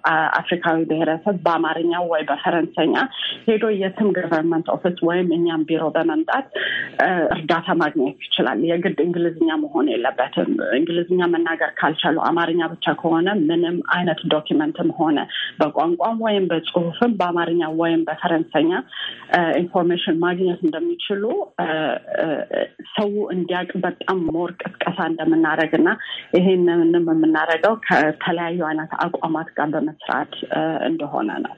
አፍሪካዊ ብሔረሰብ በአማርኛ ወይ በፈረንሰኛ ሄዶ የትም ገቨርንመንት ኦፊስ ወይም እኛም ቢሮ በመምጣት እርዳታ ማግኘት ይችላል። የግድ እንግሊዝኛ መሆን የለም። የለበትም። እንግሊዝኛ መናገር ካልቻሉ አማርኛ ብቻ ከሆነ ምንም አይነት ዶኪመንትም ሆነ በቋንቋም ወይም በጽሁፍም በአማርኛ ወይም በፈረንሰኛ ኢንፎርሜሽን ማግኘት እንደሚችሉ ሰው እንዲያውቅ በጣም ሞር ቅስቀሳ እንደምናደርግ እና ይሄንንም የምናደርገው ከተለያዩ አይነት አቋማት ጋር በመስራት እንደሆነ ነው።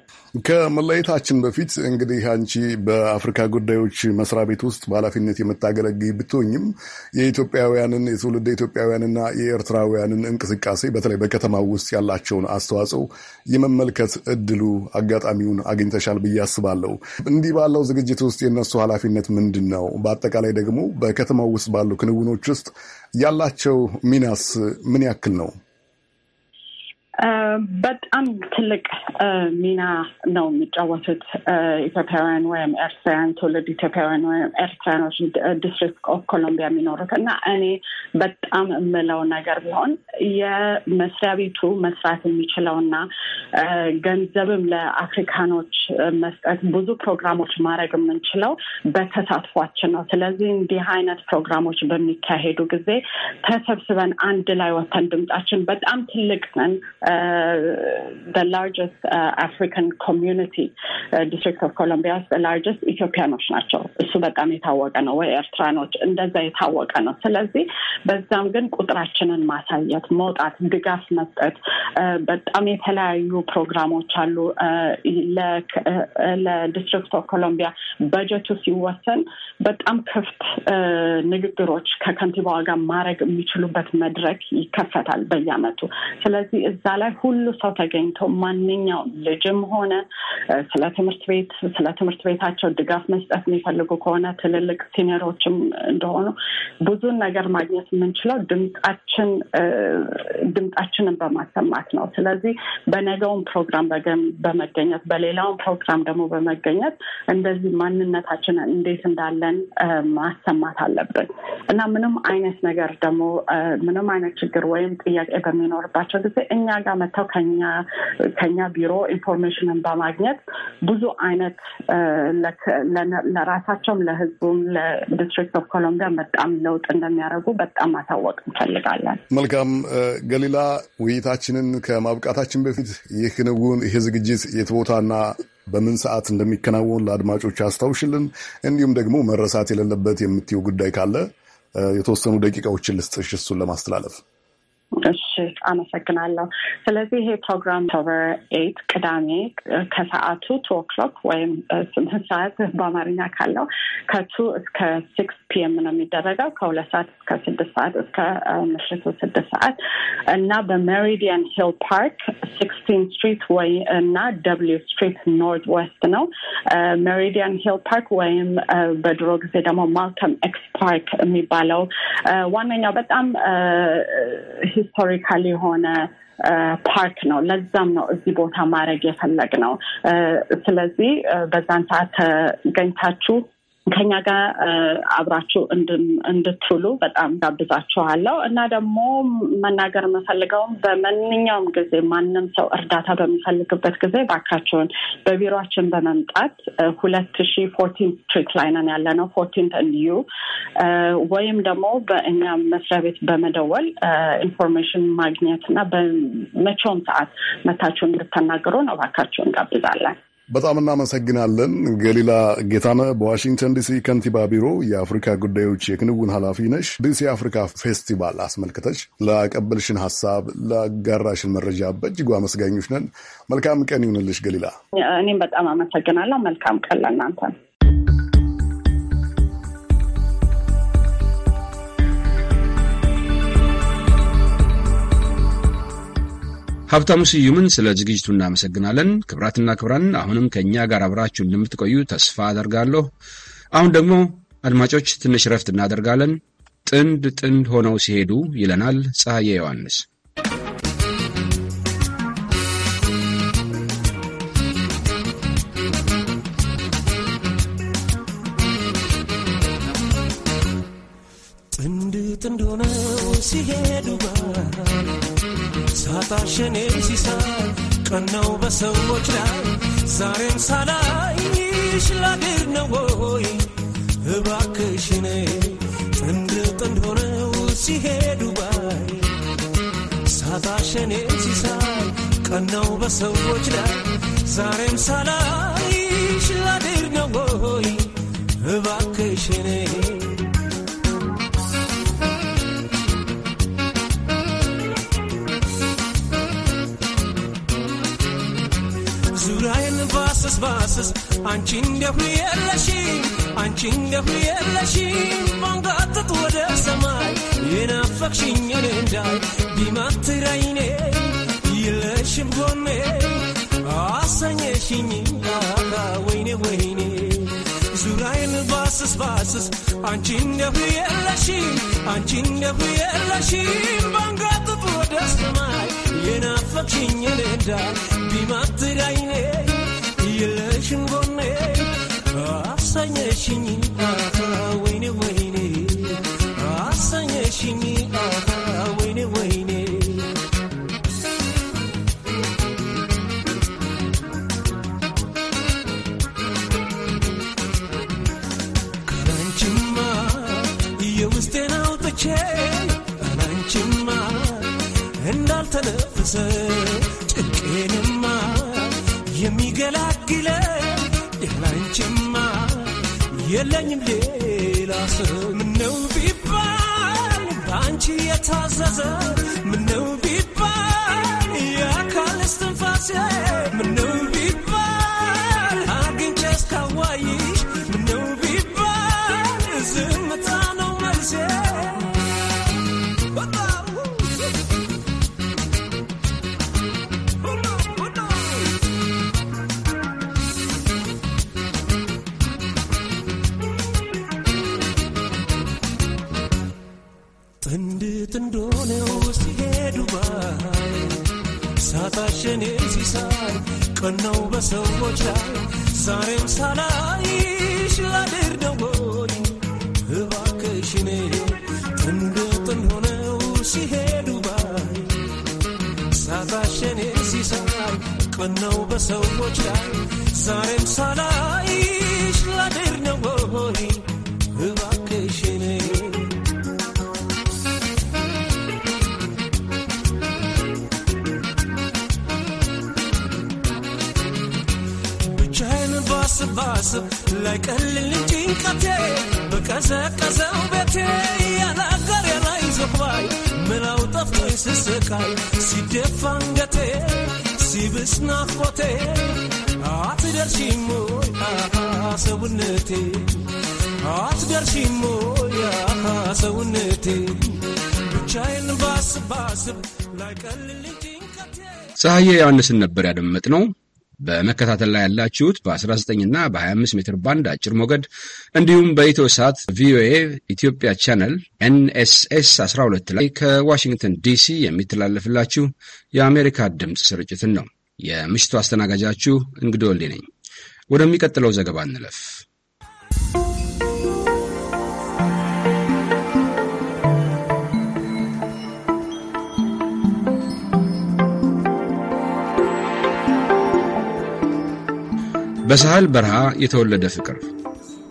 ከመለየታችን በፊት እንግዲህ አንቺ በአፍሪካ ጉዳዮች መስሪያ ቤት ውስጥ በኃላፊነት የምታገለግ ብትሆኝም የኢትዮጵያውያንን የትውልድ ትውልድ ኢትዮጵያውያንና የኤርትራውያንን እንቅስቃሴ በተለይ በከተማው ውስጥ ያላቸውን አስተዋጽኦ የመመልከት እድሉ አጋጣሚውን አግኝተሻል ብዬ አስባለሁ። እንዲህ ባለው ዝግጅት ውስጥ የእነሱ ኃላፊነት ምንድን ነው? በአጠቃላይ ደግሞ በከተማው ውስጥ ባሉ ክንውኖች ውስጥ ያላቸው ሚናስ ምን ያክል ነው? በጣም ትልቅ ሚና ነው የሚጫወቱት ኢትዮጵያውያን ወይም ኤርትራውያን ትውልድ ኢትዮጵያውያን ወይም ኤርትራኖች ዲስትሪክት ኦፍ ኮሎምቢያ የሚኖሩት እና እኔ በጣም የምለው ነገር ቢሆን የመስሪያ ቤቱ መስራት የሚችለውና ገንዘብም ለአፍሪካኖች መስጠት ብዙ ፕሮግራሞች ማድረግ የምንችለው በተሳትፏችን ነው። ስለዚህ እንዲህ አይነት ፕሮግራሞች በሚካሄዱ ጊዜ ተሰብስበን አንድ ላይ ወተን ድምጻችን በጣም ትልቅ ነን Uh, the largest uh, African community uh, district of Columbia, is the largest ኢትዮጵያኖች ናቸው። እሱ በጣም የታወቀ ነው፣ ወይ ኤርትራኖች እንደዛ የታወቀ ነው። ስለዚህ በዛም ግን ቁጥራችንን ማሳየት፣ መውጣት፣ ድጋፍ መስጠት በጣም የተለያዩ ፕሮግራሞች አሉ። ለዲስትሪክት ኦፍ ኮሎምቢያ በጀቱ ሲወሰን በጣም ክፍት ንግግሮች ከከንቲባዋ ጋር ማድረግ የሚችሉበት መድረክ ይከፈታል በየአመቱ ስለዚህ እዛ ላይ ሁሉ ሰው ተገኝቶ ማንኛውም ልጅም ሆነ ስለ ትምህርት ቤት ስለ ትምህርት ቤታቸው ድጋፍ መስጠት የሚፈልጉ ከሆነ ትልልቅ ሲኒሮችም እንደሆኑ ብዙን ነገር ማግኘት የምንችለው ድምጣችን ድምጣችንን በማሰማት ነው። ስለዚህ በነገውን ፕሮግራም በመገኘት በሌላውን ፕሮግራም ደግሞ በመገኘት እንደዚህ ማንነታችንን እንዴት እንዳለን ማሰማት አለብን እና ምንም አይነት ነገር ደግሞ ምንም አይነት ችግር ወይም ጥያቄ በሚኖርባቸው ጊዜ እኛ ጋር መጥተው ከኛ ከኛ ቢሮ ኢንፎርሜሽንን በማግኘት ብዙ አይነት ለራሳቸውም ለህዝቡም ለዲስትሪክት ኦፍ ኮሎምቢያ በጣም ለውጥ እንደሚያደርጉ በጣም ማሳወቅ እንፈልጋለን። መልካም ገሊላ፣ ውይይታችንን ከማብቃታችን በፊት ይህ ክንውን ይህ ዝግጅት የት ቦታና በምን ሰዓት እንደሚከናወን ለአድማጮች አስታውሽልን። እንዲሁም ደግሞ መረሳት የሌለበት የምትየው ጉዳይ ካለ የተወሰኑ ደቂቃዎችን ልስጥሽ እሱን ለማስተላለፍ። እሺ እጅግ አመሰግናለሁ። ስለዚህ ይሄ ፕሮግራም ኦክቶበር ኤይት ቅዳሜ ከሰዓቱ ቱ ኦክሎክ ወይም ስምንት ሰዓት በአማርኛ ካለው ከቱ እስከ ሲክስ ፒኤም ነው የሚደረገው ከሁለት ሰዓት እስከ ስድስት ሰዓት እስከ ምሽቱ ስድስት ሰዓት እና በሜሪዲያን ሂል ፓርክ ሲክስቲን ስትሪት ወይ እና ደብሊው ስትሪት ኖርት ዌስት ነው። ሜሪዲያን ሂል ፓርክ ወይም በድሮ ጊዜ ደግሞ ማልከም ኤክስ ፓርክ የሚባለው ዋነኛው በጣም ሂስቶሪክ አካል የሆነ ፓርክ ነው። ለዛም ነው እዚህ ቦታ ማድረግ የፈለግ ነው። ስለዚህ በዛን ሰዓት ተገኝታችሁ ከኛ ጋር አብራችሁ እንድትውሉ በጣም ጋብዛችኋለሁ እና ደግሞ መናገር የምፈልገውም በማንኛውም ጊዜ ማንም ሰው እርዳታ በሚፈልግበት ጊዜ ባካችሁን በቢሮችን በመምጣት ሁለት ሺ ፎርቲን ስትሪት ላይ ነን ያለ ነው ፎርቲንት እንዩ ወይም ደግሞ በእኛ መስሪያ ቤት በመደወል ኢንፎርሜሽን ማግኘት እና በመቼውም ሰዓት መታችሁን እንድተናገሩ ነው ባካችሁን ጋብዛለን። በጣም እናመሰግናለን ገሊላ ጌታነ በዋሽንግተን ዲሲ ከንቲባ ቢሮ የአፍሪካ ጉዳዮች የክንውን ኃላፊ ነሽ። ዲሲ አፍሪካ ፌስቲቫል አስመልክተች ለቀበልሽን ሀሳብ፣ ለጋራሽን መረጃ በእጅጉ አመስጋኞች ነን። መልካም ቀን ይሁንልሽ ገሊላ። እኔም በጣም አመሰግናለሁ። መልካም ቀን ለእናንተ። ሀብታሙ ስዩምን ስለ ዝግጅቱ እናመሰግናለን። ክብራትና ክብራን አሁንም ከእኛ ጋር አብራችሁ እንደምትቆዩ ተስፋ አደርጋለሁ። አሁን ደግሞ አድማጮች ትንሽ ረፍት እናደርጋለን። ጥንድ ጥንድ ሆነው ሲሄዱ ይለናል ፀሐዬ ዮሐንስ። ጥንድ ጥንድ ሆነው ሲሄዱ ቁጣሽን ሲሳይ ቀነው በሰዎች ላይ ዛሬም ሳላይሽ ላድር ነው ወይ እባክሽን ጥንድ ጥንድ ሆነው ሲሄዱ ባይ ሳታሸኔ ሲሳይ ቀነው በሰዎች ላይ ዛሬም ሳላይሽ ላድር ነው ወይ እባክሽን ባስስ ባስስ አንቺ እንደሁ የለሽም አንቺ እንደሁ የለሽም መንጋትት ወደ ሰማይ የናፈቅሽኝ እኔ እንዳይ ቢማትረይኔ የለሽም ጎኔ አሰኘሽኝ ወይኔ ወይኔ ዙራይን ባስስ ባስስ አንቺ እንደሁ የለሽም አንቺ እንደሁ የለሽም መንጋትት ወደ ሰማይ የናፈቅሽኝ እኔ ቢማትረይኔ የለሽም ጎኔ አሳኘሽኝ አታ ወይኔ ወይኔ አሳኘሽኝ አታ ወይኔ ወይኔ ከላንችማ የውስጤን አውጥቼ አላንችማ እንዳልተነፈሰ ጭንቄንም የለኝም ሌላ ሰው ምነው ቢባል በአንቺ የታዘዘ ምነው ቢባል የአካል እስትንፋሴ ምነው ቢባል አግኝቼ እስካዋይ ነው ሲሄዱ ባህል ሳታሸን ሲሳይ ቀነው በሰዎች ላይ ዛሬም ሳላይሽ ላድር ደወል እባክሽኔ ጥንድ ጥንድ ሆነው ሲሄዱ ባህል ሳታሸን ሲሳይ ቀነው በሰዎች ላይ ዛሬም ሳላይሽ ላድር ሳስብ ላይቀልል ጭንቀቴ በቀዘቀዘው ቤቴ ዘባይ ምላው ጠፍቶኝ ስስቃይ ሲደፋ አንገቴ ሲብስ ናፍቆቴ አትደርሺም ሰውነቴ አትደርሺም ሰውነቴ ብቻዬን ባስብ ባስብ ዮሐንስን ነበር ያደመጥነው። በመከታተል ላይ ያላችሁት በ19 እና በ25 ሜትር ባንድ አጭር ሞገድ እንዲሁም በኢትዮ ሳት ቪኦኤ ኢትዮጵያ ቻነል ኤንኤስኤስ 12 ላይ ከዋሽንግተን ዲሲ የሚተላለፍላችሁ የአሜሪካ ድምፅ ስርጭትን ነው። የምሽቱ አስተናጋጃችሁ እንግዶ ወልዴ ነኝ። ወደሚቀጥለው ዘገባ እንለፍ። በሳህል በረሃ የተወለደ ፍቅር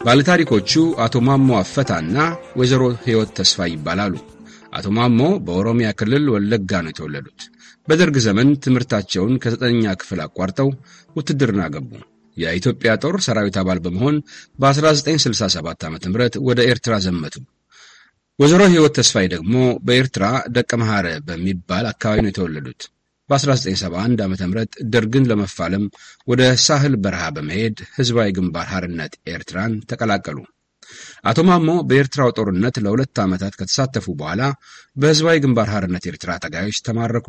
ባለታሪኮቹ አቶ ማሞ አፈታና ወይዘሮ ሕይወት ተስፋ ይባላሉ። አቶ ማሞ በኦሮሚያ ክልል ወለጋ ነው የተወለዱት። በደርግ ዘመን ትምህርታቸውን ከዘጠነኛ ክፍል አቋርጠው ውትድርና ገቡ። የኢትዮጵያ ጦር ሰራዊት አባል በመሆን በ1967 ዓ ም ወደ ኤርትራ ዘመቱ። ወይዘሮ ሕይወት ተስፋዬ ደግሞ በኤርትራ ደቀ መሐረ በሚባል አካባቢ ነው የተወለዱት። በ1971 ዓ ም ደርግን ለመፋለም ወደ ሳህል በረሃ በመሄድ ሕዝባዊ ግንባር ሐርነት ኤርትራን ተቀላቀሉ። አቶ ማሞ በኤርትራው ጦርነት ለሁለት ዓመታት ከተሳተፉ በኋላ በሕዝባዊ ግንባር ሐርነት ኤርትራ ታጋዮች ተማረኩ።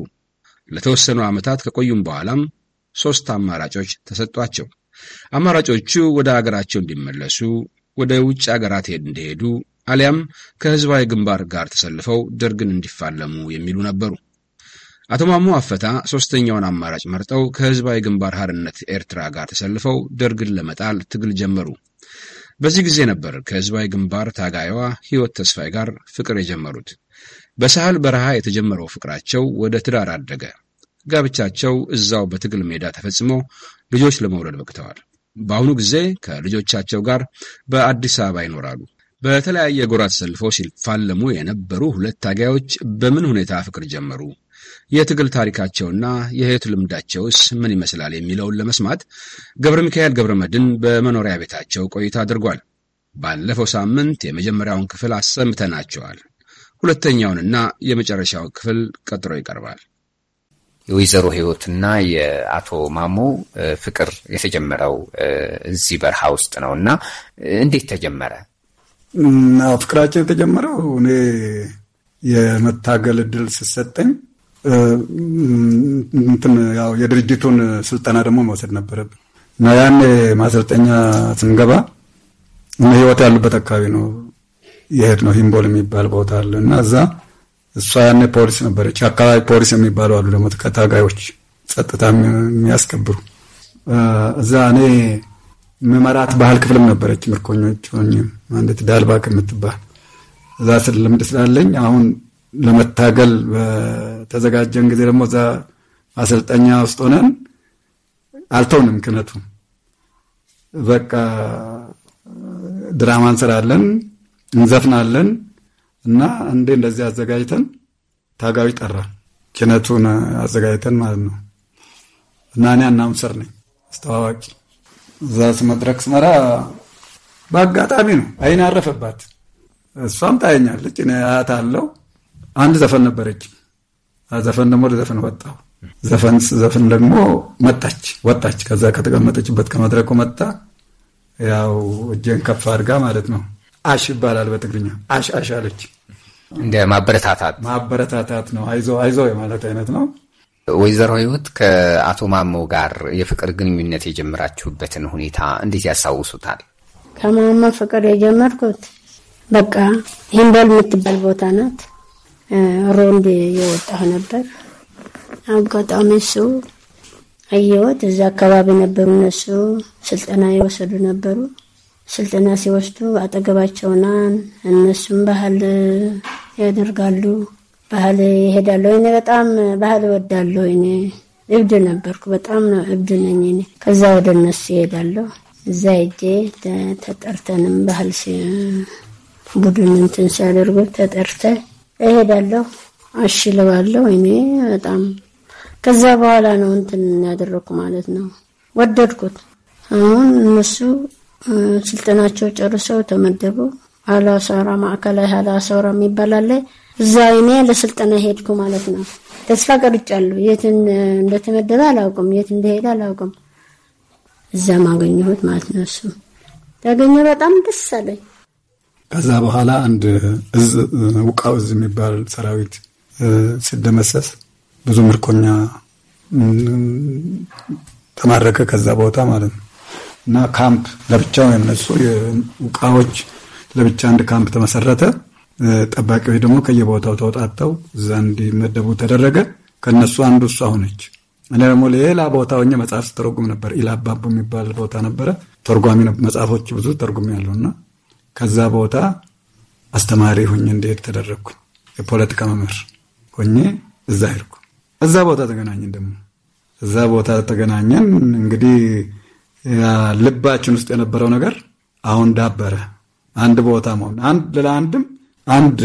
ለተወሰኑ ዓመታት ከቆዩም በኋላም ሦስት አማራጮች ተሰጧቸው። አማራጮቹ ወደ አገራቸው እንዲመለሱ፣ ወደ ውጭ አገራት እንዲሄዱ አሊያም ከሕዝባዊ ግንባር ጋር ተሰልፈው ደርግን እንዲፋለሙ የሚሉ ነበሩ። አቶ ማሞ አፈታ ሶስተኛውን አማራጭ መርጠው ከህዝባዊ ግንባር ሀርነት ኤርትራ ጋር ተሰልፈው ደርግን ለመጣል ትግል ጀመሩ። በዚህ ጊዜ ነበር ከህዝባዊ ግንባር ታጋይዋ ህይወት ተስፋይ ጋር ፍቅር የጀመሩት። በሳህል በረሃ የተጀመረው ፍቅራቸው ወደ ትዳር አደገ። ጋብቻቸው እዛው በትግል ሜዳ ተፈጽሞ ልጆች ለመውለድ በቅተዋል። በአሁኑ ጊዜ ከልጆቻቸው ጋር በአዲስ አበባ ይኖራሉ። በተለያየ ጎራ ተሰልፈው ሲፋለሙ የነበሩ ሁለት ታጋዮች በምን ሁኔታ ፍቅር ጀመሩ? የትግል ታሪካቸውና የህይወት ልምዳቸውስ ምን ይመስላል የሚለውን ለመስማት ገብረ ሚካኤል ገብረ መድን በመኖሪያ ቤታቸው ቆይታ አድርጓል። ባለፈው ሳምንት የመጀመሪያውን ክፍል አሰምተናቸዋል። ሁለተኛውንና የመጨረሻው ክፍል ቀጥሮ ይቀርባል። የወይዘሮ ህይወትና የአቶ ማሞ ፍቅር የተጀመረው እዚህ በረሃ ውስጥ ነው እና እንዴት ተጀመረ? ፍቅራቸው የተጀመረው እኔ የመታገል እድል ስሰጠኝ እንትን ያው የድርጅቱን ስልጠና ደግሞ መውሰድ ነበረብን እና ያን ማሰልጠኛ ስንገባ እነ ህይወት ያሉበት አካባቢ ነው የሄድ ነው ሂምቦል የሚባል ቦታ አለ እና እዛ እሷ ያኔ ፖሊስ ነበረች። አካባቢ ፖሊስ የሚባሉ አሉ ደግሞ ከታጋዮች ጸጥታ የሚያስከብሩ እዛ እኔ ምመራት ባህል ክፍልም ነበረች ምርኮኞች ሆኜ አንዲት ዳልባክ የምትባል እዛ ስለምድ ስላለኝ አሁን ለመታገል በተዘጋጀን ጊዜ ደግሞ እዛ ማሰልጠኛ ውስጥ ሆነን አልተውንም። ክነቱ በቃ ድራማ እንሰራለን፣ እንዘፍናለን እና እንዴ እንደዚህ አዘጋጅተን ታጋዊ ጠራ ኪነቱን አዘጋጅተን ማለት ነው። እና እኔ አናውንሰር ነኝ አስተዋዋቂ። እዛ መድረክ ስመራ በአጋጣሚ ነው አይን አረፈባት። እሷም ታየኛለች፣ እኔ አለው። አንድ ዘፈን ነበረች። ዘፈን ደግሞ ወደ ዘፈን ወጣሁ። ዘፈን ዘፈን ደግሞ መጣች ወጣች። ከዛ ከተቀመጠችበት ከመድረኩ መጣ። ያው እጄን ከፍ አድርጋ ማለት ነው። አሽ ይባላል በትግርኛ አሽ አሽ አለች። እንደ ማበረታታት ማበረታታት ነው። አይዞ አይዞ የማለት አይነት ነው። ወይዘሮ ህይወት ከአቶ ማሞ ጋር የፍቅር ግንኙነት የጀመራችሁበትን ሁኔታ እንዴት ያስታውሱታል? ከማማ ፍቅር የጀመርኩት በቃ ሂምበል የምትባል ቦታ ናት ሮንድ የወጣሁ ነበር። አጋጣሚ እሱ አየሁት። እዛ አካባቢ ነበሩ እነሱ ስልጠና የወሰዱ ነበሩ። ስልጠና ሲወስዱ አጠገባቸውና እነሱም ባህል ያደርጋሉ፣ ባህል ይሄዳሉ። እኔ በጣም ባህል እወዳለሁ። እኔ እብድ ነበርኩ፣ በጣም ነው እብድ ነኝ እኔ። ከዛ ወደ እነሱ ይሄዳለሁ። እዛ ሄጄ ተጠርተንም ባህል ቡድን እንትን ሲያደርጉ ተጠርተ እሄዳለሁ አሽልባለሁ እኔ በጣም ከዛ በኋላ ነው እንትን ያደረኩ ማለት ነው። ወደድኩት። አሁን እነሱ ስልጠናቸው ጨርሰው ተመደቡ። አላሳራ ማዕከላዊ አላሰራ የሚባል አለ። እዛ እኔ ለስልጠና ሄድኩ ማለት ነው። ተስፋ ቀርጫለሁ። የት እንደተመደበ አላውቅም፣ የት እንደሄደ አላውቅም። እዛ ማገኘሁት ማለት ነው። እሱ ያገኘ በጣም ደስ አለኝ። ከዛ በኋላ አንድ እዝ ውቃው እዝ የሚባል ሰራዊት ሲደመሰስ ብዙ ምርኮኛ ተማረከ ከዛ ቦታ ማለት ነው። እና ካምፕ ለብቻው የነሱ ውቃዎች ለብቻ አንድ ካምፕ ተመሰረተ። ጠባቂዎች ደግሞ ከየቦታው ተወጣጥተው እዛ እንዲመደቡ ተደረገ። ከነሱ አንዱ እሷ ሆነች። እኔ ደግሞ ሌላ ቦታ ሆኜ መጽሐፍ ስተረጉም ነበር። ኢላባቡ የሚባል ቦታ ነበረ። ተርጓሚ መጽሐፎች ብዙ ተርጉም ያለውና ከዛ ቦታ አስተማሪ ሁኝ እንዴት ተደረግኩኝ። የፖለቲካ መምህር ሆኜ እዛ ሄድኩ። እዛ ቦታ ተገናኘን። ደግሞ እዛ ቦታ ተገናኘን። እንግዲህ ልባችን ውስጥ የነበረው ነገር አሁን ዳበረ። አንድ ቦታ መሆን አንድ ለአንድም አንድ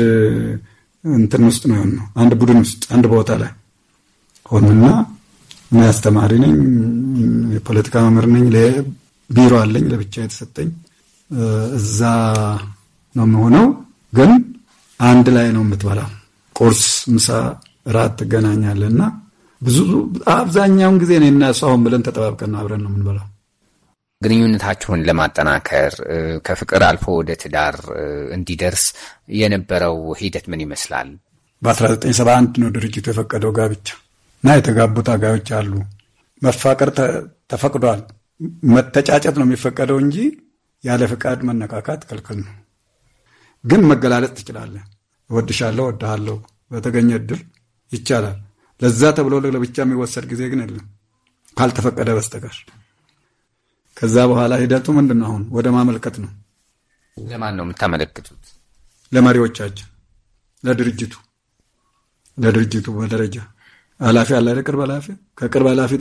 እንትን ውስጥ ነው የሆነው፣ አንድ ቡድን ውስጥ አንድ ቦታ ላይ ሆንና እኔ አስተማሪ ነኝ፣ የፖለቲካ መምህር ነኝ፣ ቢሮ አለኝ ለብቻ የተሰጠኝ እዛ ነው የሚሆነው ግን አንድ ላይ ነው የምትበላው። ቁርስ፣ ምሳ፣ ራት ትገናኛለህ እና ብዙ አብዛኛውን ጊዜ እኔ እና እሷ ሆን ብለን ተጠባብቀን አብረን ነው የምንበላው። ግንኙነታችሁን ለማጠናከር ከፍቅር አልፎ ወደ ትዳር እንዲደርስ የነበረው ሂደት ምን ይመስላል? በ1971 ነው ድርጅቱ የፈቀደው ጋብቻ እና የተጋቡት አጋዮች አሉ። መፋቀር ተፈቅዷል። መተጫጨት ነው የሚፈቀደው እንጂ ያለ ፍቃድ መነካካት ክልክል ነው። ግን መገላለጥ ትችላለህ። እወድሻለሁ፣ እወድሃለሁ በተገኘ እድል ይቻላል። ለዛ ተብሎ ለብቻ የሚወሰድ ጊዜ ግን የለም ካልተፈቀደ በስተቀር። ከዛ በኋላ ሂደቱ ምንድን ነው? አሁን ወደ ማመልከት ነው። ለማን ነው የምታመለክቱት? ለመሪዎቻችን፣ ለድርጅቱ ለድርጅቱ በደረጃ ኃላፊ አለ ቅርብ ኃላፊ ከቅርብ ኃላፊ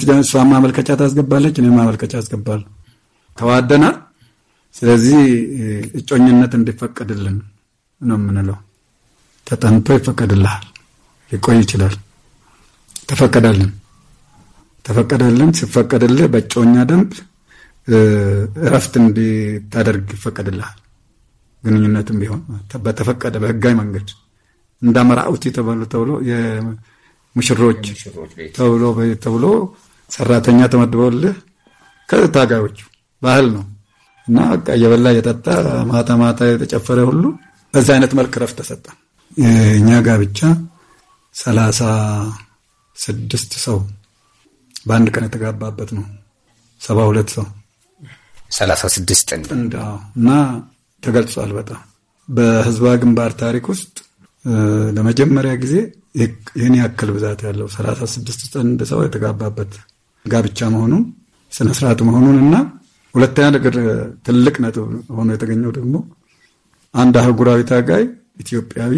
ማመልከቻ ታስገባለች፣ እኔ ማመልከቻ አስገባለሁ። ተዋደናል ስለዚህ እጮኝነት እንዲፈቀድልን ነው የምንለው። ተጠንቶ ይፈቀድልሃል፣ ሊቆይ ይችላል። ተፈቀደልን ተፈቀደልን ሲፈቀድልህ በእጮኛ ደንብ እረፍት እንዲታደርግ ይፈቀድልሃል። ግንኙነትም ቢሆን በተፈቀደ በህጋዊ መንገድ እንዳመራውቲ ተብሎ ተብሎ የሙሽሮች ተብሎ ተብሎ ሰራተኛ ተመድበውልህ ከታጋዮቹ ባህል ነው እና በቃ እየበላ እየጠጣ ማታ ማታ የተጨፈረ ሁሉ በዛ አይነት መልክ ረፍት ተሰጠ። እኛ ጋ ብቻ ሰላሳ ስድስት ሰው በአንድ ቀን የተጋባበት ነው። ሰባ ሁለት ሰው ሰላሳ ስድስት እና ተገልጿል። በጣም በህዝባ ግንባር ታሪክ ውስጥ ለመጀመሪያ ጊዜ ይህን ያክል ብዛት ያለው ሰላሳ ስድስት ጥንድ ሰው የተጋባበት ጋብቻ መሆኑን ስነስርዓት መሆኑን እና ሁለተኛ ነገር ትልቅ ነጥብ ሆኖ የተገኘው ደግሞ አንድ አህጉራዊ ታጋይ ኢትዮጵያዊ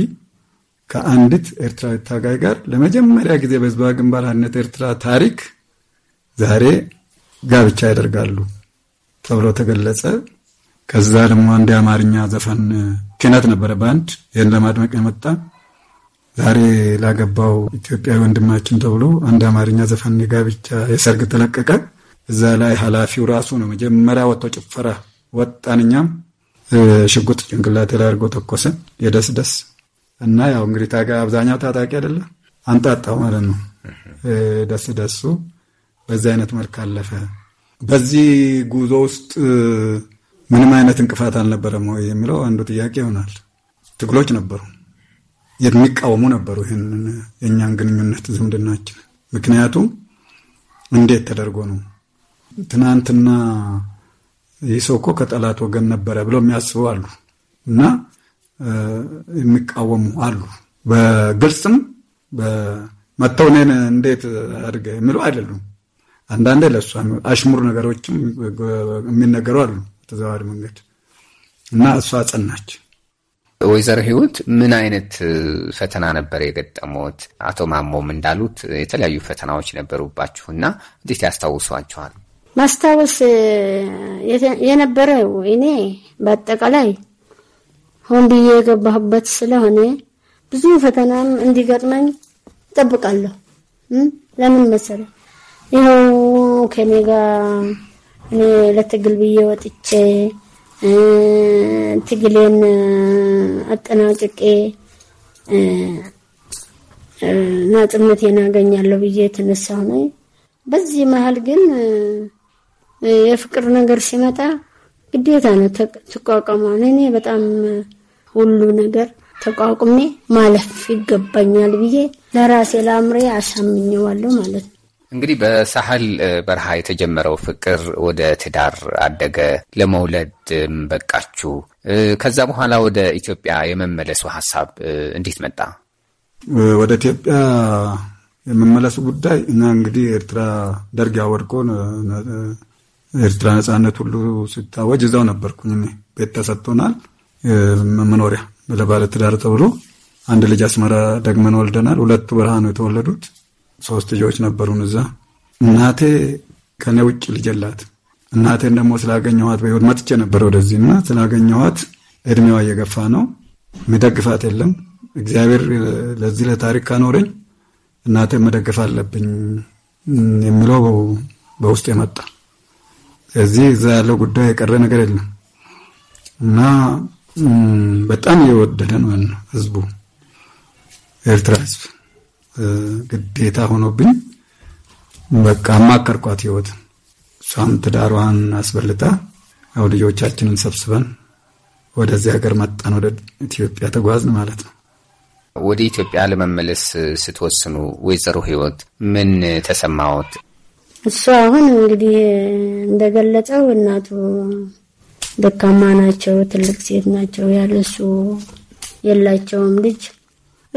ከአንዲት ኤርትራዊ ታጋይ ጋር ለመጀመሪያ ጊዜ በህዝባዊ ግንባር ኤርትራ ታሪክ ዛሬ ጋብቻ ያደርጋሉ ተብሎ ተገለጸ። ከዛ ደግሞ አንድ የአማርኛ ዘፈን ኪነት ነበረ በአንድ ይህን ለማድመቅ የመጣ ዛሬ ላገባው ኢትዮጵያዊ ወንድማችን ተብሎ አንድ አማርኛ ዘፈን የጋብቻ የሰርግ ተለቀቀ። እዛ ላይ ኃላፊው ራሱ ነው መጀመሪያ ወጥቶ ጭፈራ ወጣንኛም ሽጉጥ ጭንቅላቴ ላይ አድርጎ ተኮሰ። የደስ ደስ እና ያው እንግዲህ ታጋ አብዛኛው ታጣቂ አይደለ አንጣጣው ማለት ነው። ደስ ደሱ በዚህ አይነት መልክ አለፈ። በዚህ ጉዞ ውስጥ ምንም አይነት እንቅፋት አልነበረም ወይ የሚለው አንዱ ጥያቄ ይሆናል። ትግሎች ነበሩ፣ የሚቃወሙ ነበሩ ይህንን የእኛን ግንኙነት ዝምድናችን። ምክንያቱም እንዴት ተደርጎ ነው ትናንትና ይህ ሰው እኮ ከጠላት ወገን ነበረ ብለው የሚያስቡ አሉ እና የሚቃወሙ አሉ። በግልጽም መጥተው እኔን እንዴት አድርገህ የሚሉ አይደሉም። አንዳንዴ ለሱ አሽሙር ነገሮችም የሚነገሩ አሉ በተዘዋዋሪ መንገድ እና እሷ አጸናች። ወይዘሮ ህይወት ምን አይነት ፈተና ነበር የገጠሙት? አቶ ማሞም እንዳሉት የተለያዩ ፈተናዎች ነበሩባችሁ እና እንዴት ያስታውሷቸዋል? ማስታወስ የነበረው እኔ በአጠቃላይ ሆን ብዬ የገባሁበት ስለሆነ ብዙ ፈተናም እንዲገጥመኝ እጠብቃለሁ። ለምን መሰለ ይኸው ከኔ ጋር እኔ ለትግል ብዬ ወጥቼ ትግሌን አጠናቅቄ ነጻነቴን አገኛለሁ ብዬ የተነሳሁ ነኝ። በዚህ መሀል ግን የፍቅር ነገር ሲመጣ ግዴታ ነው ትቋቋሟል። እኔ በጣም ሁሉ ነገር ተቋቁሜ ማለፍ ይገባኛል ብዬ ለራሴ ለአእምሬ አሳምኘዋለሁ ማለት ነው። እንግዲህ በሳህል በረሃ የተጀመረው ፍቅር ወደ ትዳር አደገ፣ ለመውለድ በቃችሁ። ከዛ በኋላ ወደ ኢትዮጵያ የመመለሱ ሀሳብ እንዴት መጣ? ወደ ኢትዮጵያ የመመለሱ ጉዳይ እና እንግዲህ ኤርትራ ደርግ ያወድቆን ኤርትራ ነጻነት ሁሉ ሲታወጅ እዛው ነበርኩኝ። ቤት ተሰጥቶናል፣ መኖሪያ ለባለ ትዳር ተብሎ አንድ ልጅ አስመራ ደግመን ወልደናል። ሁለቱ በረሃ ነው የተወለዱት። ሶስት ልጆች ነበሩን እዛ። እናቴ ከኔ ውጭ ልጅ የላት። እናቴን ደግሞ ስላገኘኋት በህይወት መጥቼ ነበር ወደዚህ እና ስላገኘኋት እድሜዋ እየገፋ ነው፣ የሚደግፋት የለም። እግዚአብሔር ለዚህ ለታሪክ ካኖረኝ እናቴ መደግፍ አለብኝ የሚለው በውስጥ የመጣ እዚህ እዛ ያለው ጉዳይ የቀረ ነገር የለም እና በጣም የወደደ ነው ህዝቡ ኤርትራ ህዝብ ግዴታ ሆኖብኝ በቃ አማከርኳት ህይወት እሷም ትዳሯን አስበልጣ ያው ልጆቻችንን ሰብስበን ወደዚህ ሀገር መጣን ወደ ኢትዮጵያ ተጓዝን ማለት ነው ወደ ኢትዮጵያ ለመመለስ ስትወስኑ ወይዘሮ ህይወት ምን ተሰማዎት እሱ አሁን እንግዲህ እንደገለጸው እናቱ ደካማ ናቸው፣ ትልቅ ሴት ናቸው። ያለሱ የላቸውም ልጅ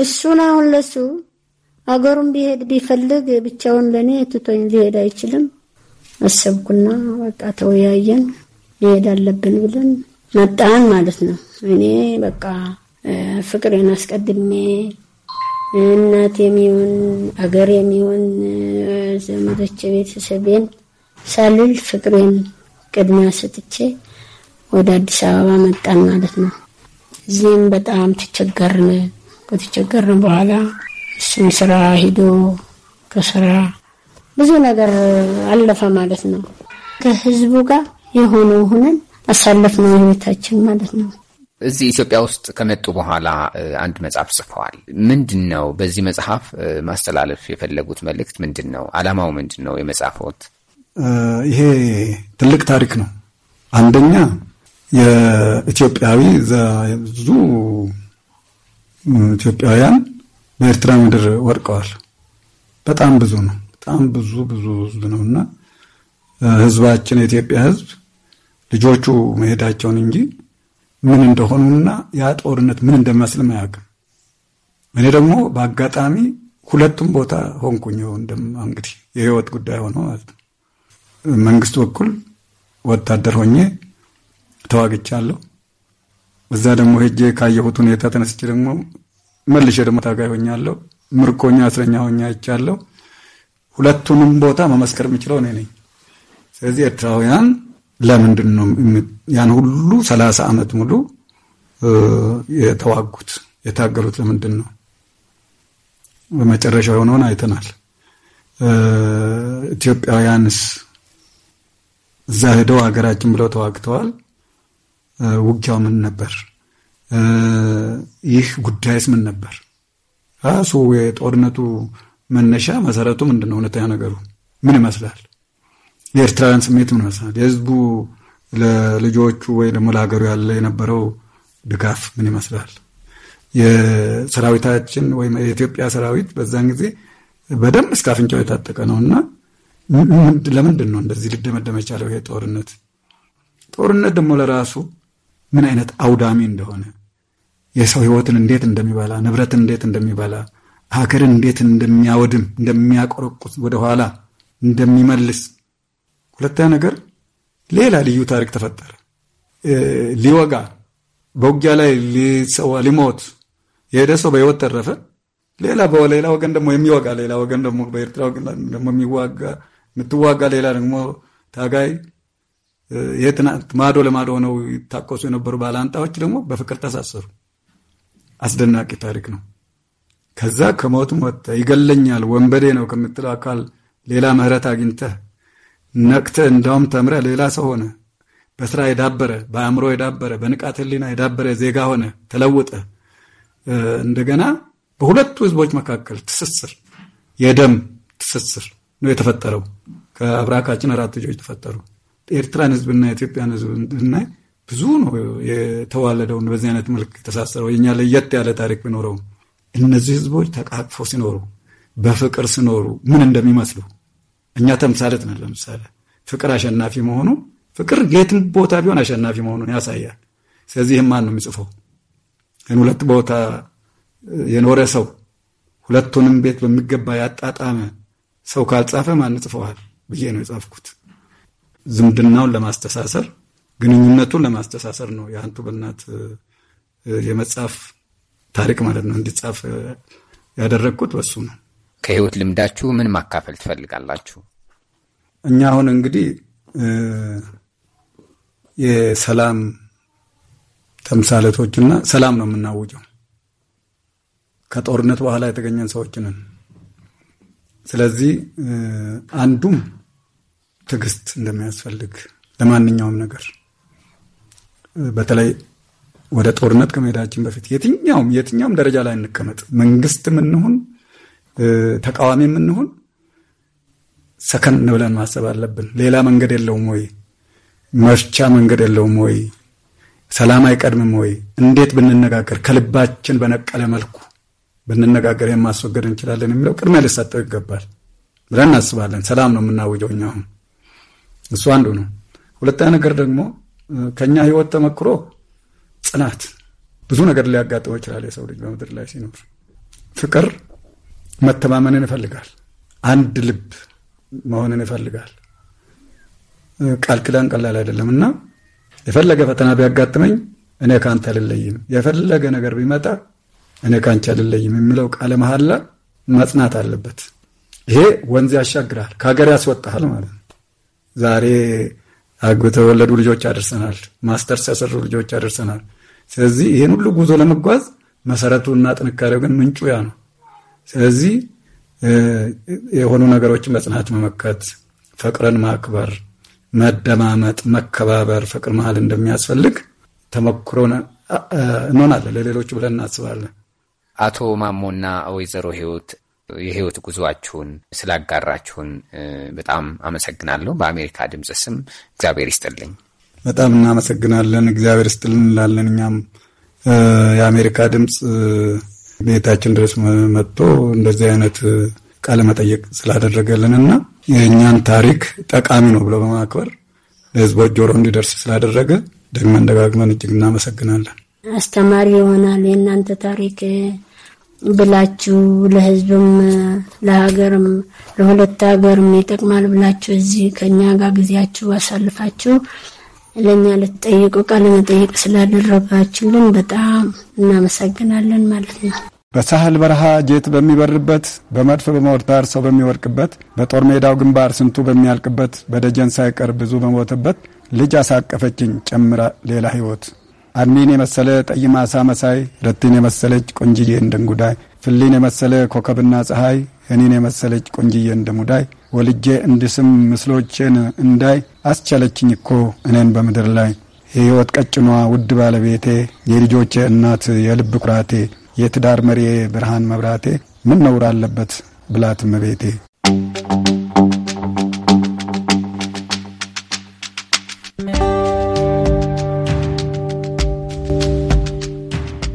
እሱን አሁን ለሱ አገሩን ቢሄድ ቢፈልግ ብቻውን ለኔ ትቶኝ ሊሄድ አይችልም። አሰብኩና በቃ ተወያየን፣ ሊሄድ አለብን ብለን መጣን ማለት ነው። እኔ በቃ ፍቅሬን አስቀድሜ እናት የሚሆን አገር የሚሆን ዘመዶች ቤተሰቤን ሳልል ፍቅሬን ቅድሚያ ሰጥቼ ወደ አዲስ አበባ መጣን ማለት ነው። እዚህም በጣም ተቸገርን። ከተቸገርን በኋላ እሱም ስራ ሂዶ ከስራ ብዙ ነገር አለፈ ማለት ነው። ከህዝቡ ጋር የሆነ ሁነን አሳለፍነው ህይወታችን ማለት ነው። እዚህ ኢትዮጵያ ውስጥ ከመጡ በኋላ አንድ መጽሐፍ ጽፈዋል። ምንድን ነው በዚህ መጽሐፍ ማስተላለፍ የፈለጉት መልእክት ምንድን ነው? ዓላማው ምንድን ነው የመጽሐፎት? ይሄ ትልቅ ታሪክ ነው። አንደኛ የኢትዮጵያዊ ብዙ ኢትዮጵያውያን በኤርትራ ምድር ወድቀዋል። በጣም ብዙ ነው። በጣም ብዙ ብዙ ህዝብ ነው እና ህዝባችን የኢትዮጵያ ህዝብ ልጆቹ መሄዳቸውን እንጂ ምን እንደሆኑና ያ ጦርነት ምን እንደሚመስልም አያውቅም። እኔ ደግሞ በአጋጣሚ ሁለቱም ቦታ ሆንኩኝ። እንግዲህ የህይወት ጉዳይ ሆኖ ማለት ነው። መንግስት በኩል ወታደር ሆኜ ተዋግቻለሁ። እዛ ደግሞ ሄጄ ካየሁት ሁኔታ ተነስቼ ደግሞ መልሼ ደግሞ ታጋይ ሆኛለሁ። ምርኮኛ እስረኛ ሆኜ አይቻለሁ። ሁለቱንም ቦታ መመስከር የምችለው እኔ ነኝ። ስለዚህ ኤርትራውያን ለምንድን ነው ያን ሁሉ ሰላሳ ዓመት ሙሉ የተዋጉት የታገሉት ለምንድን ነው? በመጨረሻ የሆነውን አይተናል። ኢትዮጵያውያንስ እዛ ሄደው ሀገራችን ብለው ተዋግተዋል። ውጊያው ምን ነበር? ይህ ጉዳይስ ምን ነበር? ራሱ የጦርነቱ መነሻ መሰረቱ ምንድን ነው? እውነተኛ ነገሩ ምን ይመስላል? የኤርትራውያን ስሜት ምን ይመስላል? የህዝቡ ለልጆቹ ወይ ደግሞ ለሀገሩ ያለ የነበረው ድጋፍ ምን ይመስላል? የሰራዊታችን ወይም የኢትዮጵያ ሰራዊት በዛን ጊዜ በደንብ እስከ አፍንጫው የታጠቀ ነው እና ለምንድን ነው እንደዚህ ሊደመደም የቻለው ይሄ ጦርነት? ጦርነት ደግሞ ለራሱ ምን አይነት አውዳሚ እንደሆነ የሰው ህይወትን እንዴት እንደሚበላ፣ ንብረትን እንዴት እንደሚበላ፣ ሀገርን እንዴት እንደሚያወድም፣ እንደሚያቆረቁስ፣ ወደኋላ እንደሚመልስ ሁለተኛ ነገር ሌላ ልዩ ታሪክ ተፈጠረ። ሊወጋ በውጊያ ላይ ሊሰዋ ሊሞት የሄደ ሰው በህይወት ተረፈ። ሌላ በሌላ ወገን ደግሞ የሚወጋ ሌላ ወገን ደግሞ በኤርትራ ወገን ደግሞ የሚዋጋ የምትዋጋ ሌላ ደግሞ ታጋይ የትናንት ማዶ ለማዶ ሆነው ይታቆሱ የነበሩ ባላንጣዎች ደግሞ በፍቅር ተሳሰሩ። አስደናቂ ታሪክ ነው። ከዛ ከሞትም ወጥተህ ይገለኛል ወንበዴ ነው ከምትለው አካል ሌላ ምህረት አግኝተህ ነቅትህ እንዳውም ተምረህ ሌላ ሰው ሆነ በስራ የዳበረ በአእምሮ የዳበረ በንቃት ህሊና የዳበረ ዜጋ ሆነ ተለውጠ እንደገና በሁለቱ ህዝቦች መካከል ትስስር የደም ትስስር ነው የተፈጠረው። ከአብራካችን አራት ልጆች ተፈጠሩ። ኤርትራን ህዝብና የኢትዮጵያን ህዝብ ብናይ ብዙ ነው የተዋለደውን በዚህ አይነት መልክ የተሳሰረው። የኛ ለየት ያለ ታሪክ ቢኖረውም እነዚህ ህዝቦች ተቃቅፎ ሲኖሩ፣ በፍቅር ሲኖሩ ምን እንደሚመስሉ እኛ ተምሳሌት ነን። ለምሳሌ ፍቅር አሸናፊ መሆኑ ፍቅር የትም ቦታ ቢሆን አሸናፊ መሆኑን ያሳያል። ስለዚህ ማን ነው የሚጽፈው? ግን ሁለት ቦታ የኖረ ሰው ሁለቱንም ቤት በሚገባ ያጣጣመ ሰው ካልጻፈ ማን ጽፈዋል ብዬ ነው የጻፍኩት። ዝምድናውን ለማስተሳሰር ግንኙነቱን ለማስተሳሰር ነው የአንቱ በእናት የመጽሐፍ ታሪክ ማለት ነው እንዲጻፍ ያደረግኩት በሱ ነው። ከህይወት ልምዳችሁ ምን ማካፈል ትፈልጋላችሁ? እኛ አሁን እንግዲህ የሰላም ተምሳሌቶችና ሰላም ነው የምናውጀው። ከጦርነት በኋላ የተገኘን ሰዎች ነን። ስለዚህ አንዱም ትዕግስት እንደሚያስፈልግ ለማንኛውም ነገር በተለይ ወደ ጦርነት ከመሄዳችን በፊት የትኛውም የትኛውም ደረጃ ላይ እንቀመጥ፣ መንግስትም እንሁን ተቃዋሚ የምንሆን ሰከን ብለን ማሰብ አለብን። ሌላ መንገድ የለውም ወይ? መፍቻ መንገድ የለውም ወይ? ሰላም አይቀድምም ወይ? እንዴት ብንነጋገር ከልባችን በነቀለ መልኩ ብንነጋገር የማስወገድ እንችላለን የሚለው ቅድሚያ ሊሰጠው ይገባል ብለን እናስባለን። ሰላም ነው የምናውጀው እኛ አሁን እሱ አንዱ ነው። ሁለተኛ ነገር ደግሞ ከኛ ህይወት ተመክሮ ጽናት፣ ብዙ ነገር ሊያጋጥመው ይችላል የሰው ልጅ በምድር ላይ ሲኖር ፍቅር መተማመንን ይፈልጋል። አንድ ልብ መሆንን ይፈልጋል። ቃል ኪዳን ቀላል አይደለም እና የፈለገ ፈተና ቢያጋጥመኝ እኔ ከአንተ አልለይም፣ የፈለገ ነገር ቢመጣ እኔ ከአንቺ አልለይም የሚለው ቃለ መሐላ መጽናት አለበት። ይሄ ወንዝ ያሻግራል፣ ከሀገር ያስወጣል ማለት ነው። ዛሬ የተወለዱ ልጆች አደርሰናል፣ ማስተርስ ያሰሩ ልጆች አደርሰናል። ስለዚህ ይህን ሁሉ ጉዞ ለመጓዝ መሰረቱና ጥንካሬው ግን ምንጩ ያ ነው። ስለዚህ የሆኑ ነገሮችን በጽናት መመከት፣ ፍቅርን ማክበር፣ መደማመጥ፣ መከባበር፣ ፍቅር መሀል እንደሚያስፈልግ ተመክሮ እንሆናለን ለሌሎቹ ብለን እናስባለን። አቶ ማሞና ወይዘሮ ህይወት የህይወት ጉዞአችሁን ስላጋራችሁን በጣም አመሰግናለሁ። በአሜሪካ ድምፅ ስም እግዚአብሔር ይስጥልኝ። በጣም እናመሰግናለን። እግዚአብሔር ይስጥልን እንላለን። እኛም የአሜሪካ ድምፅ ቤታችን ድረስ መጥቶ እንደዚህ አይነት ቃለ መጠየቅ ስላደረገልንና የእኛን ታሪክ ጠቃሚ ነው ብሎ በማክበር ለሕዝቦች ጆሮ እንዲደርስ ስላደረገ ደግመን ደጋግመን እጅግ እናመሰግናለን። አስተማሪ ይሆናል የእናንተ ታሪክ ብላችሁ ለህዝብም ለሀገርም ለሁለት ሀገርም ይጠቅማል ብላችሁ እዚህ ከእኛ ጋር ጊዜያችሁ አሳልፋችሁ ለእኛ ለተጠየቁ ቃለ መጠይቅ ስላደረጋችሁልን በጣም እናመሰግናለን ማለት ነው። በሳህል በረሃ ጄት በሚበርበት በመድፍ በሞርታር ሰው በሚወድቅበት በጦር ሜዳው ግንባር ስንቱ በሚያልቅበት በደጀን ሳይቀር ብዙ በሞተበት ልጅ አሳቀፈችኝ ጨምራ ሌላ ህይወት አድሚን የመሰለ ጠይ አሳ መሳይ ረቲን የመሰለች ቆንጅዬ እንደንጉዳይ ፍሊን የመሰለ ኮከብና ፀሐይ እኔን የመሰለች ቆንጅዬ እንደሙዳይ ወልጄ እንድስም ምስሎቼን እንዳይ አስቻለችኝ እኮ እኔን በምድር ላይ የሕይወት ቀጭኗ ውድ ባለቤቴ፣ የልጆቼ እናት፣ የልብ ኩራቴ፣ የትዳር መሪ፣ ብርሃን መብራቴ ምን ነውር አለበት ብላት እመቤቴ።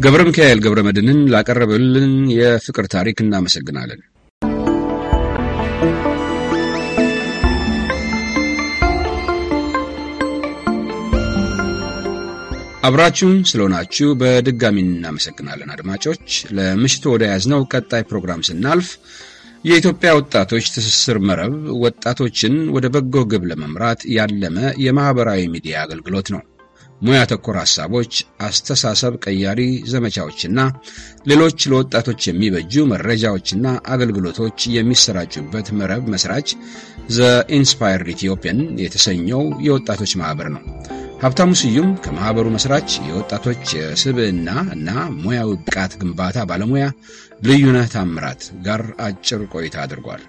ገብረ ሚካኤል ገብረ መድንን ላቀረበልን የፍቅር ታሪክ እናመሰግናለን። አብራችሁን ስለሆናችሁ በድጋሚ እናመሰግናለን አድማጮች። ለምሽቱ ወደ ያዝነው ቀጣይ ፕሮግራም ስናልፍ የኢትዮጵያ ወጣቶች ትስስር መረብ ወጣቶችን ወደ በጎ ግብ ለመምራት ያለመ የማኅበራዊ ሚዲያ አገልግሎት ነው። ሙያ ተኮር ሐሳቦች፣ አስተሳሰብ ቀያሪ ዘመቻዎችና ሌሎች ለወጣቶች የሚበጁ መረጃዎችና አገልግሎቶች የሚሰራጩበት መረብ መስራች ዘ ኢንስፓየርድ ኢትዮጵያን የተሰኘው የወጣቶች ማኅበር ነው። ሀብታሙ ስዩም ከማኅበሩ መሥራች የወጣቶች የስብዕና እና ሙያዊ ብቃት ግንባታ ባለሙያ ልዩነህ ታምራት ጋር አጭር ቆይታ አድርጓል።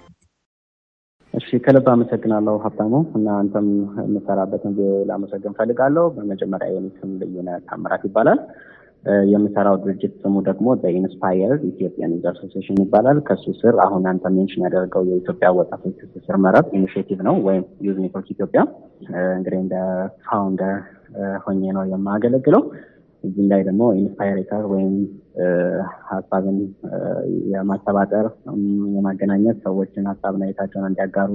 እሺ ከልብ አመሰግናለሁ ሀብታሙ እና አንተም የምሰራበትን ላመሰግን ፈልጋለሁ። በመጀመሪያ የኔ ስም ልዩነህ ታምራት ይባላል። የምሰራው ድርጅት ስሙ ደግሞ በኢንስፓየርድ ኢትዮጵያን ዩዝ አሶሴሽን ይባላል። ከሱ ስር አሁን አንተ ሜንሽን ያደርገው የኢትዮጵያ ወጣቶች ትስስር መረብ ኢኒሽቲቭ ነው ወይም ዩዝ ኔትወርክ ኢትዮጵያ። እንግዲህ እንደ ፋውንደር ሆኜ ነው የማገለግለው። እዚህም ላይ ደግሞ ኢንስፓይሬተር ወይም ሀሳብን የማሰባጠር የማገናኘት ሰዎችን ሀሳብና እይታቸውን እንዲያጋሩ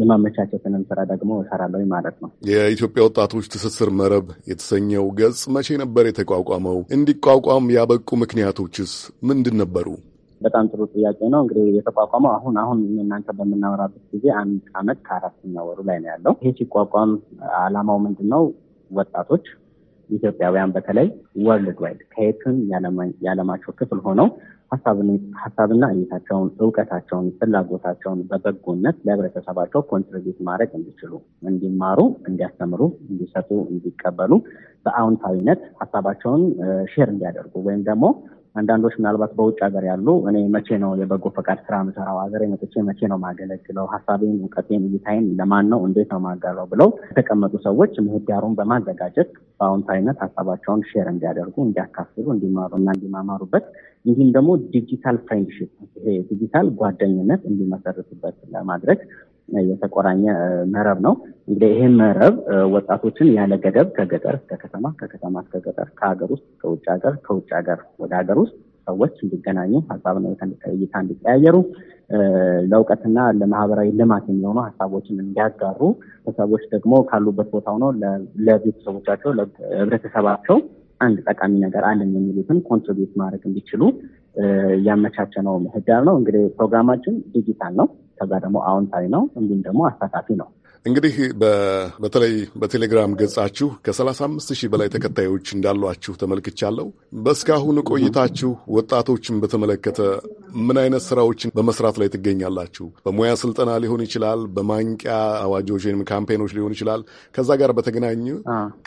የማመቻቸትንም ስራ ደግሞ እሰራለሁ ማለት ነው። የኢትዮጵያ ወጣቶች ትስስር መረብ የተሰኘው ገጽ መቼ ነበር የተቋቋመው? እንዲቋቋም ያበቁ ምክንያቶችስ ምንድን ነበሩ? በጣም ጥሩ ጥያቄ ነው። እንግዲህ የተቋቋመው አሁን አሁን እናንተ በምናወራበት ጊዜ አንድ አመት ከአራተኛ ወሩ ላይ ነው ያለው። ይህ ሲቋቋም አላማው ምንድን ነው? ወጣቶች ኢትዮጵያውያን በተለይ ወርልድ ዋይድ ከየትም የዓለማቸው ክፍል ሆነው ሀሳብና እይታቸውን፣ እውቀታቸውን፣ ፍላጎታቸውን በበጎነት ለህብረተሰባቸው ኮንትሪቢዩት ማድረግ እንዲችሉ፣ እንዲማሩ፣ እንዲያስተምሩ፣ እንዲሰጡ፣ እንዲቀበሉ በአዎንታዊነት ሀሳባቸውን ሼር እንዲያደርጉ ወይም ደግሞ አንዳንዶች ምናልባት በውጭ ሀገር ያሉ እኔ መቼ ነው የበጎ ፈቃድ ስራ ምሰራው ሀገር መጥቼ መቼ ነው ማገለግለው ሀሳቤን፣ እውቀቴን፣ እይታይን ለማን ነው እንዴት ነው ማጋራው ብለው የተቀመጡ ሰዎች ምህዳሩን በማዘጋጀት በአዎንታዊነት ሀሳባቸውን ሼር እንዲያደርጉ፣ እንዲያካፍሉ፣ እንዲማሩ እና እንዲማማሩበት እንዲሁም ደግሞ ዲጂታል ፍሬንድሽፕ ይሄ ዲጂታል ጓደኝነት እንዲመሰርቱበት ለማድረግ የተቆራኘ መረብ ነው። እንግዲህ ይሄ መረብ ወጣቶችን ያለ ገደብ ከገጠር እስከ ከተማ፣ ከከተማ እስከ ገጠር፣ ከሀገር ውስጥ ከውጭ ሀገር፣ ከውጭ ሀገር ወደ ሀገር ውስጥ ሰዎች እንዲገናኙ ሀሳብና እይታ እንዲቀያየሩ ለእውቀትና ለማህበራዊ ልማት የሚሆኑ ሀሳቦችን እንዲያጋሩ ሰዎች ደግሞ ካሉበት ቦታ ሆነው ለቤተሰቦቻቸው ለህብረተሰባቸው አንድ ጠቃሚ ነገር አለን የሚሉትን ኮንትሪቢዩት ማድረግ እንዲችሉ ያመቻቸ ነው ምህዳር ነው። እንግዲህ ፕሮግራማችን ዲጂታል ነው። ከዛ ደግሞ አዎንታዊ ነው፣ እንዲሁም ደግሞ አሳታፊ ነው። እንግዲህ በተለይ በቴሌግራም ገጻችሁ ከ35 ሺህ በላይ ተከታዮች እንዳሏችሁ ተመልክቻለሁ። በእስካሁኑ ቆይታችሁ ወጣቶችን በተመለከተ ምን አይነት ስራዎችን በመስራት ላይ ትገኛላችሁ? በሙያ ስልጠና ሊሆን ይችላል፣ በማንቂያ አዋጆች ወይም ካምፔኖች ሊሆን ይችላል። ከዛ ጋር በተገናኘ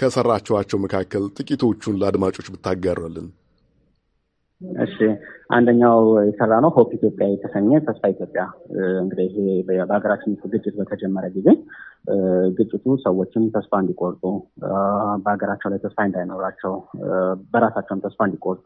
ከሰራችኋቸው መካከል ጥቂቶቹን ለአድማጮች ብታጋሩልን። እሺ አንደኛው የሰራ ነው ሆፕ ኢትዮጵያ የተሰኘ ተስፋ ኢትዮጵያ እንግዲህ ይሄ በሀገራችን ግጭት በተጀመረ ጊዜ ግጭቱ ሰዎችም ተስፋ እንዲቆርጡ በሀገራቸው ላይ ተስፋ እንዳይኖራቸው በራሳቸውም ተስፋ እንዲቆርጡ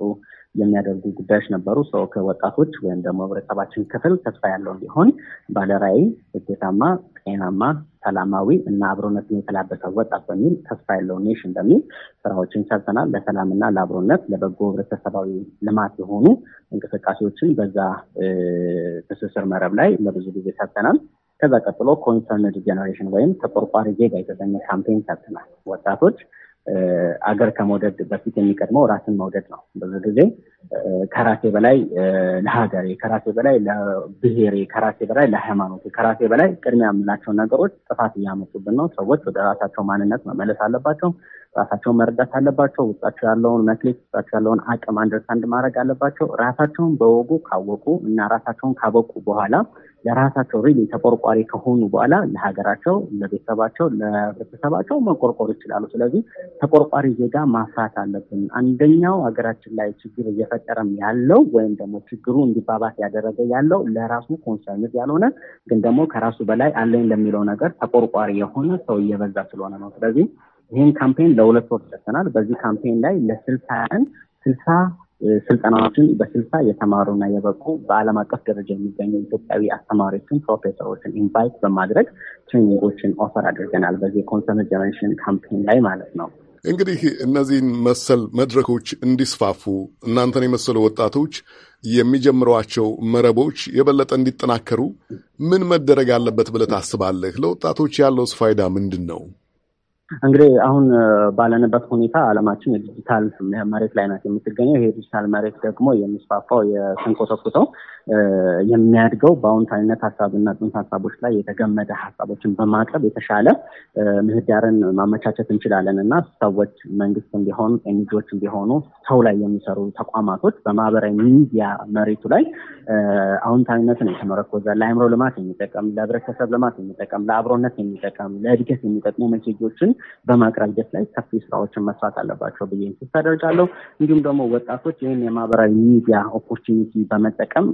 የሚያደርጉ ጉዳዮች ነበሩ። ሰው ከወጣቶች ወይም ደግሞ ህብረተሰባችን ክፍል ተስፋ ያለው እንዲሆን ባለራዕይ ስኬታማ ጤናማ፣ ሰላማዊ እና አብሮነትን የተላበሰ ወጣት በሚል ተስፋ ያለው ኔሽን በሚል ስራዎችን ሰርተናል። ለሰላምና ለአብሮነት ለበጎ ህብረተሰባዊ ልማት የሆኑ እንቅስቃሴዎችን በዛ ትስስር መረብ ላይ ለብዙ ጊዜ ሰርተናል። ከዛ ቀጥሎ ኮንሰርንድ ጀኔሬሽን ወይም ተቆርቋሪ ዜጋ የተሰኘ ካምፔን ሰርተናል። ወጣቶች አገር ከመውደድ በፊት የሚቀድመው ራስን መውደድ ነው። ብዙ ጊዜ ከራሴ በላይ ለሀገሬ፣ ከራሴ በላይ ለብሔሬ፣ ከራሴ በላይ ለሃይማኖቴ፣ ከራሴ በላይ ቅድሚያ የምላቸው ነገሮች ጥፋት እያመጡብን ነው። ሰዎች ወደ ራሳቸው ማንነት መመለስ አለባቸው። ራሳቸውን መረዳት አለባቸው። ውስጣቸው ያለውን መክሊት፣ ውስጣቸው ያለውን አቅም አንደርስታንድ ማድረግ አለባቸው። ራሳቸውን በወጉ ካወቁ እና ራሳቸውን ካበቁ በኋላ ለራሳቸው ሪሊ ተቆርቋሪ ከሆኑ በኋላ ለሀገራቸው፣ ለቤተሰባቸው፣ ለህብረተሰባቸው መቆርቆር ይችላሉ። ስለዚህ ተቆርቋሪ ዜጋ ማፍራት አለብን። አንደኛው ሀገራችን ላይ ችግር እየፈጠረም ያለው ወይም ደግሞ ችግሩ እንዲባባስ ያደረገ ያለው ለራሱ ኮንሰርን ያልሆነ ግን ደግሞ ከራሱ በላይ አለኝ ለሚለው ነገር ተቆርቋሪ የሆነ ሰው እየበዛ ስለሆነ ነው። ስለዚህ ይህን ካምፔን ለሁለት ወር ሰጥተናል። በዚህ ካምፔን ላይ ለስልሳ ቀን ስልሳ ስልጠናዎችን በስልሳ የተማሩ እና የበቁ በዓለም አቀፍ ደረጃ የሚገኙ ኢትዮጵያዊ አስተማሪዎችን፣ ፕሮፌሰሮችን ኢንቫይት በማድረግ ትሬኒንጎችን ኦፈር አድርገናል። በዚህ ኮንሰርት ጀነሬሽን ካምፔን ላይ ማለት ነው። እንግዲህ እነዚህን መሰል መድረኮች እንዲስፋፉ እናንተን የመሰሉ ወጣቶች የሚጀምሯቸው መረቦች የበለጠ እንዲጠናከሩ ምን መደረግ አለበት ብለህ ታስባለህ? ለወጣቶች ያለውስ ፋይዳ ምንድን ነው? እንግዲህ አሁን ባለንበት ሁኔታ አለማችን የዲጂታል መሬት ላይ ናት የምትገኘው። ይሄ ዲጂታል መሬት ደግሞ የሚስፋፋው የተንኮተኩተው የሚያድገው በአዎንታዊነት ሀሳብና ጽንሰ ሀሳቦች ላይ የተገመደ ሀሳቦችን በማቅረብ የተሻለ ምህዳርን ማመቻቸት እንችላለን እና ሰዎች መንግስትም ቢሆኑ ኤንጂዎችም ቢሆኑ ሰው ላይ የሚሰሩ ተቋማቶች በማህበራዊ ሚዲያ መሬቱ ላይ አዎንታዊነትን የተመረኮዘ ለአይምሮ ልማት የሚጠቀም ለህብረተሰብ ልማት የሚጠቀም ለአብሮነት የሚጠቀም ለእድገት የሚጠቅሙ መሴጆችን በማቅረብ ደት ላይ ሰፊ ስራዎችን መስራት አለባቸው ብዬ እንስስ እንዲሁም ደግሞ ወጣቶች ይህን የማህበራዊ ሚዲያ ኦፖርቹኒቲ በመጠቀም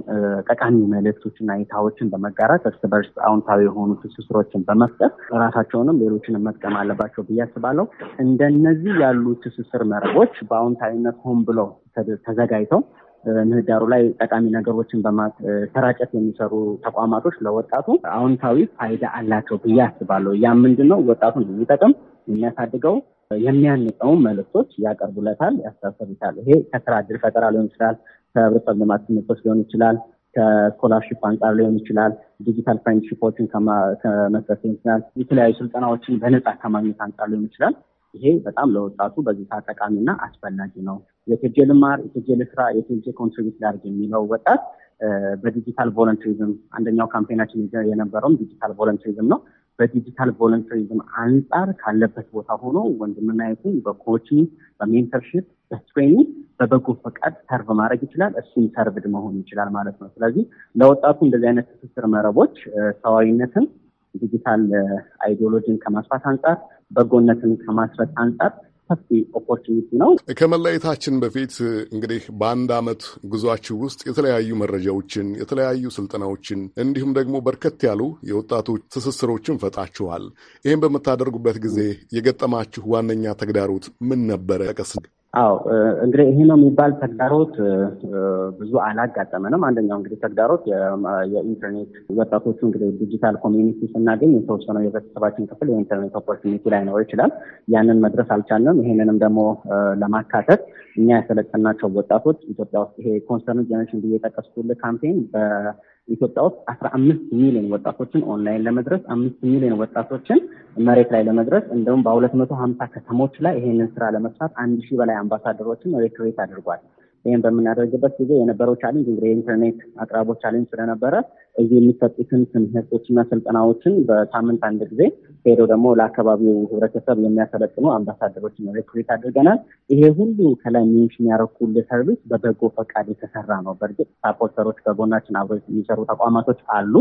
ጠቃሚ እና እይታዎችን በመጋራት እርስ በርስ አውንታዊ የሆኑ ትስስሮችን በመፍጠር ራሳቸውንም ሌሎችንም መጥቀም አለባቸው ብዬ አስባለሁ። እንደነዚህ ያሉ ትስስር መረቦች በአውንታዊነት ሆን ብለው ተዘጋጅተው ምህዳሩ ላይ ጠቃሚ ነገሮችን በማሰራጨት የሚሰሩ ተቋማቶች ለወጣቱ አውንታዊ ፋይዳ አላቸው ብዬ አስባለሁ። ያ ምንድን ነው? ወጣቱን የሚጠቅም የሚያሳድገው የሚያንጸውን መልእክቶች ያቀርቡለታል፣ ያስተሳሰቡታል። ይሄ ከስራ እድል ፈጠራ ሊሆን ይችላል፣ ከህብረተሰብ ልማት ትምህርቶች ሊሆን ይችላል፣ ከስኮላርሽፕ አንጻር ሊሆን ይችላል፣ ዲጂታል ፍሬንድሺፖችን ከመስረት ሊሆን ይችላል፣ የተለያዩ ስልጠናዎችን በነፃ ከማግኘት አንጻር ሊሆን ይችላል። ይሄ በጣም ለወጣቱ በዚህ ሰዓት ጠቃሚና አስፈላጊ ነው። የቴጄ ልማር፣ የቴጄ ልስራ፣ የቴጄ ኮንትሪቢት ላድርግ የሚለው ወጣት በዲጂታል ቮለንትሪዝም አንደኛው ካምፔናችን የነበረውም ዲጂታል ቮለንትሪዝም ነው። በዲጂታል ቮለንትሪዝም አንጻር ካለበት ቦታ ሆኖ ወንድምናየቱ በኮችንግ በሜንተርሽፕ ትሬኒንግ በበጎ ፈቃድ ሰርቭ ማድረግ ይችላል። እሱም ሰርቭድ መሆን ይችላል ማለት ነው። ስለዚህ ለወጣቱ እንደዚህ አይነት ትስስር መረቦች ሰዋዊነትን፣ ዲጂታል አይዲዮሎጂን ከማስፋት አንጻር፣ በጎነትን ከማስረት አንጻር ሰፊ ኦፖርቹኒቲ ነው። ከመለየታችን በፊት እንግዲህ በአንድ አመት ጉዟችሁ ውስጥ የተለያዩ መረጃዎችን፣ የተለያዩ ስልጠናዎችን እንዲሁም ደግሞ በርከት ያሉ የወጣቶች ትስስሮችን ፈጣችኋል። ይህም በምታደርጉበት ጊዜ የገጠማችሁ ዋነኛ ተግዳሮት ምን ነበረ? ጠቀስ አዎ እንግዲህ ይሄ ነው የሚባል ተግዳሮት ብዙ አላጋጠመንም። አንደኛው እንግዲህ ተግዳሮት የኢንተርኔት ወጣቶቹ እንግዲህ ዲጂታል ኮሚኒቲ ስናገኝ የተወሰነው የቤተሰባችን ክፍል የኢንተርኔት ኦፖርቹኒቲ ላይኖር ይችላል። ያንን መድረስ አልቻለም። ይሄንንም ደግሞ ለማካተት እኛ ያሰለጠናቸው ወጣቶች ኢትዮጵያ ውስጥ ይሄ ኮንሰርን ጀነሬሽን ብዬ የጠቀስኩት ካምፔን ኢትዮጵያ ውስጥ አስራ አምስት ሚሊዮን ወጣቶችን ኦንላይን ለመድረስ አምስት ሚሊዮን ወጣቶችን መሬት ላይ ለመድረስ እንደውም በሁለት መቶ ሀምሳ ከተሞች ላይ ይሄንን ስራ ለመስራት አንድ ሺህ በላይ አምባሳደሮችን ሬክሬት አድርጓል። ይህም በምናደርግበት ጊዜ የነበረው ቻሌንጅ እንግዲህ የኢንተርኔት አቅራቦት ቻሌንጅ ስለነበረ እዚህ የሚሰጡትን ትምህርቶች እና ስልጠናዎችን በሳምንት አንድ ጊዜ ሄዶ ደግሞ ለአካባቢው ህብረተሰብ የሚያሰለጥኑ አምባሳደሮችን ሬክሩት አድርገናል። ይሄ ሁሉ ከላይ ሜንሽን ያደረኩልህ ሰርቪስ በበጎ ፈቃድ የተሰራ ነው። በእርግጥ ሳፖርተሮች በጎናችን አብሮ የሚሰሩ ተቋማቶች አሉ።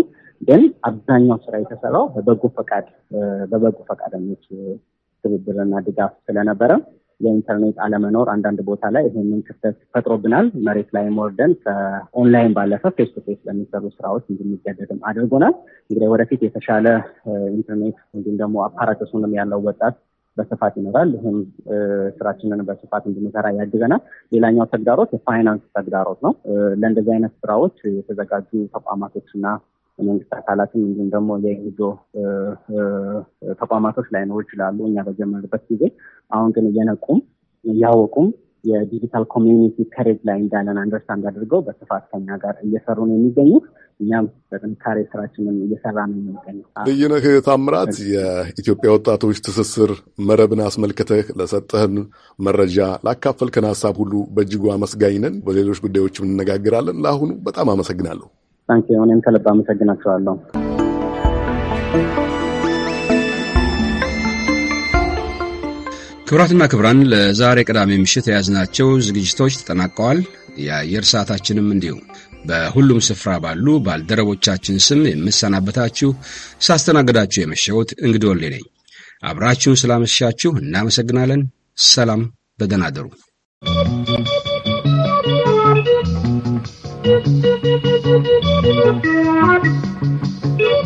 ግን አብዛኛው ስራ የተሰራው በበጎ ፈቃድ በበጎ ፈቃደኞች ትብብርና ድጋፍ ስለነበረ የኢንተርኔት አለመኖር አንዳንድ ቦታ ላይ ይሄንን ክፍተት ፈጥሮብናል። መሬት ላይ ወርደን ከኦንላይን ባለፈ ፌስ ቱ ፌስ ለሚሰሩ ስራዎች እንድንገደድም አድርጎናል። እንግዲህ ወደፊት የተሻለ ኢንተርኔት እንዲሁም ደግሞ አፓራቶሱንም ያለው ወጣት በስፋት ይኖራል። ይህም ስራችንን በስፋት እንድንሰራ ያግዘናል። ሌላኛው ተግዳሮት የፋይናንስ ተግዳሮት ነው። ለእንደዚህ አይነት ስራዎች የተዘጋጁ ተቋማቶች የመንግስት አካላትም እንዲሁም ደግሞ የኤንጆ ተቋማቶች ላይኖሩ ይችላሉ። እኛ በጀመርበት ጊዜ አሁን ግን እየነቁም እያወቁም የዲጂታል ኮሚኒቲ ከሬጅ ላይ እንዳለን አንደርስታንድ አድርገው በስፋት ከኛ ጋር እየሰሩ ነው የሚገኙት። እኛም በጥንካሬ ስራችንን እየሰራ ነው የሚገኘው። በየነህ ታምራት፣ የኢትዮጵያ ወጣቶች ትስስር መረብን አስመልክተህ ለሰጠህን መረጃ ላካፈልከን ሀሳብ ሁሉ በእጅጉ አመስጋኝ ነን። በሌሎች ጉዳዮችም እንነጋግራለን። ለአሁኑ በጣም አመሰግናለሁ። ታንኪ እኔም ከልብ አመሰግናቸዋለሁ። ክብራትና ክብራን ለዛሬ ቅዳሜ ምሽት የያዝናቸው ዝግጅቶች ተጠናቀዋል። የአየር ሰዓታችንም እንዲሁ በሁሉም ስፍራ ባሉ ባልደረቦቻችን ስም የምሰናበታችሁ ሳስተናግዳችሁ የመሸሁት እንግዲህ ወሌ ነኝ። አብራችሁን ስላመሻችሁ እናመሰግናለን። ሰላም፣ በደህና አደሩ። Thank you.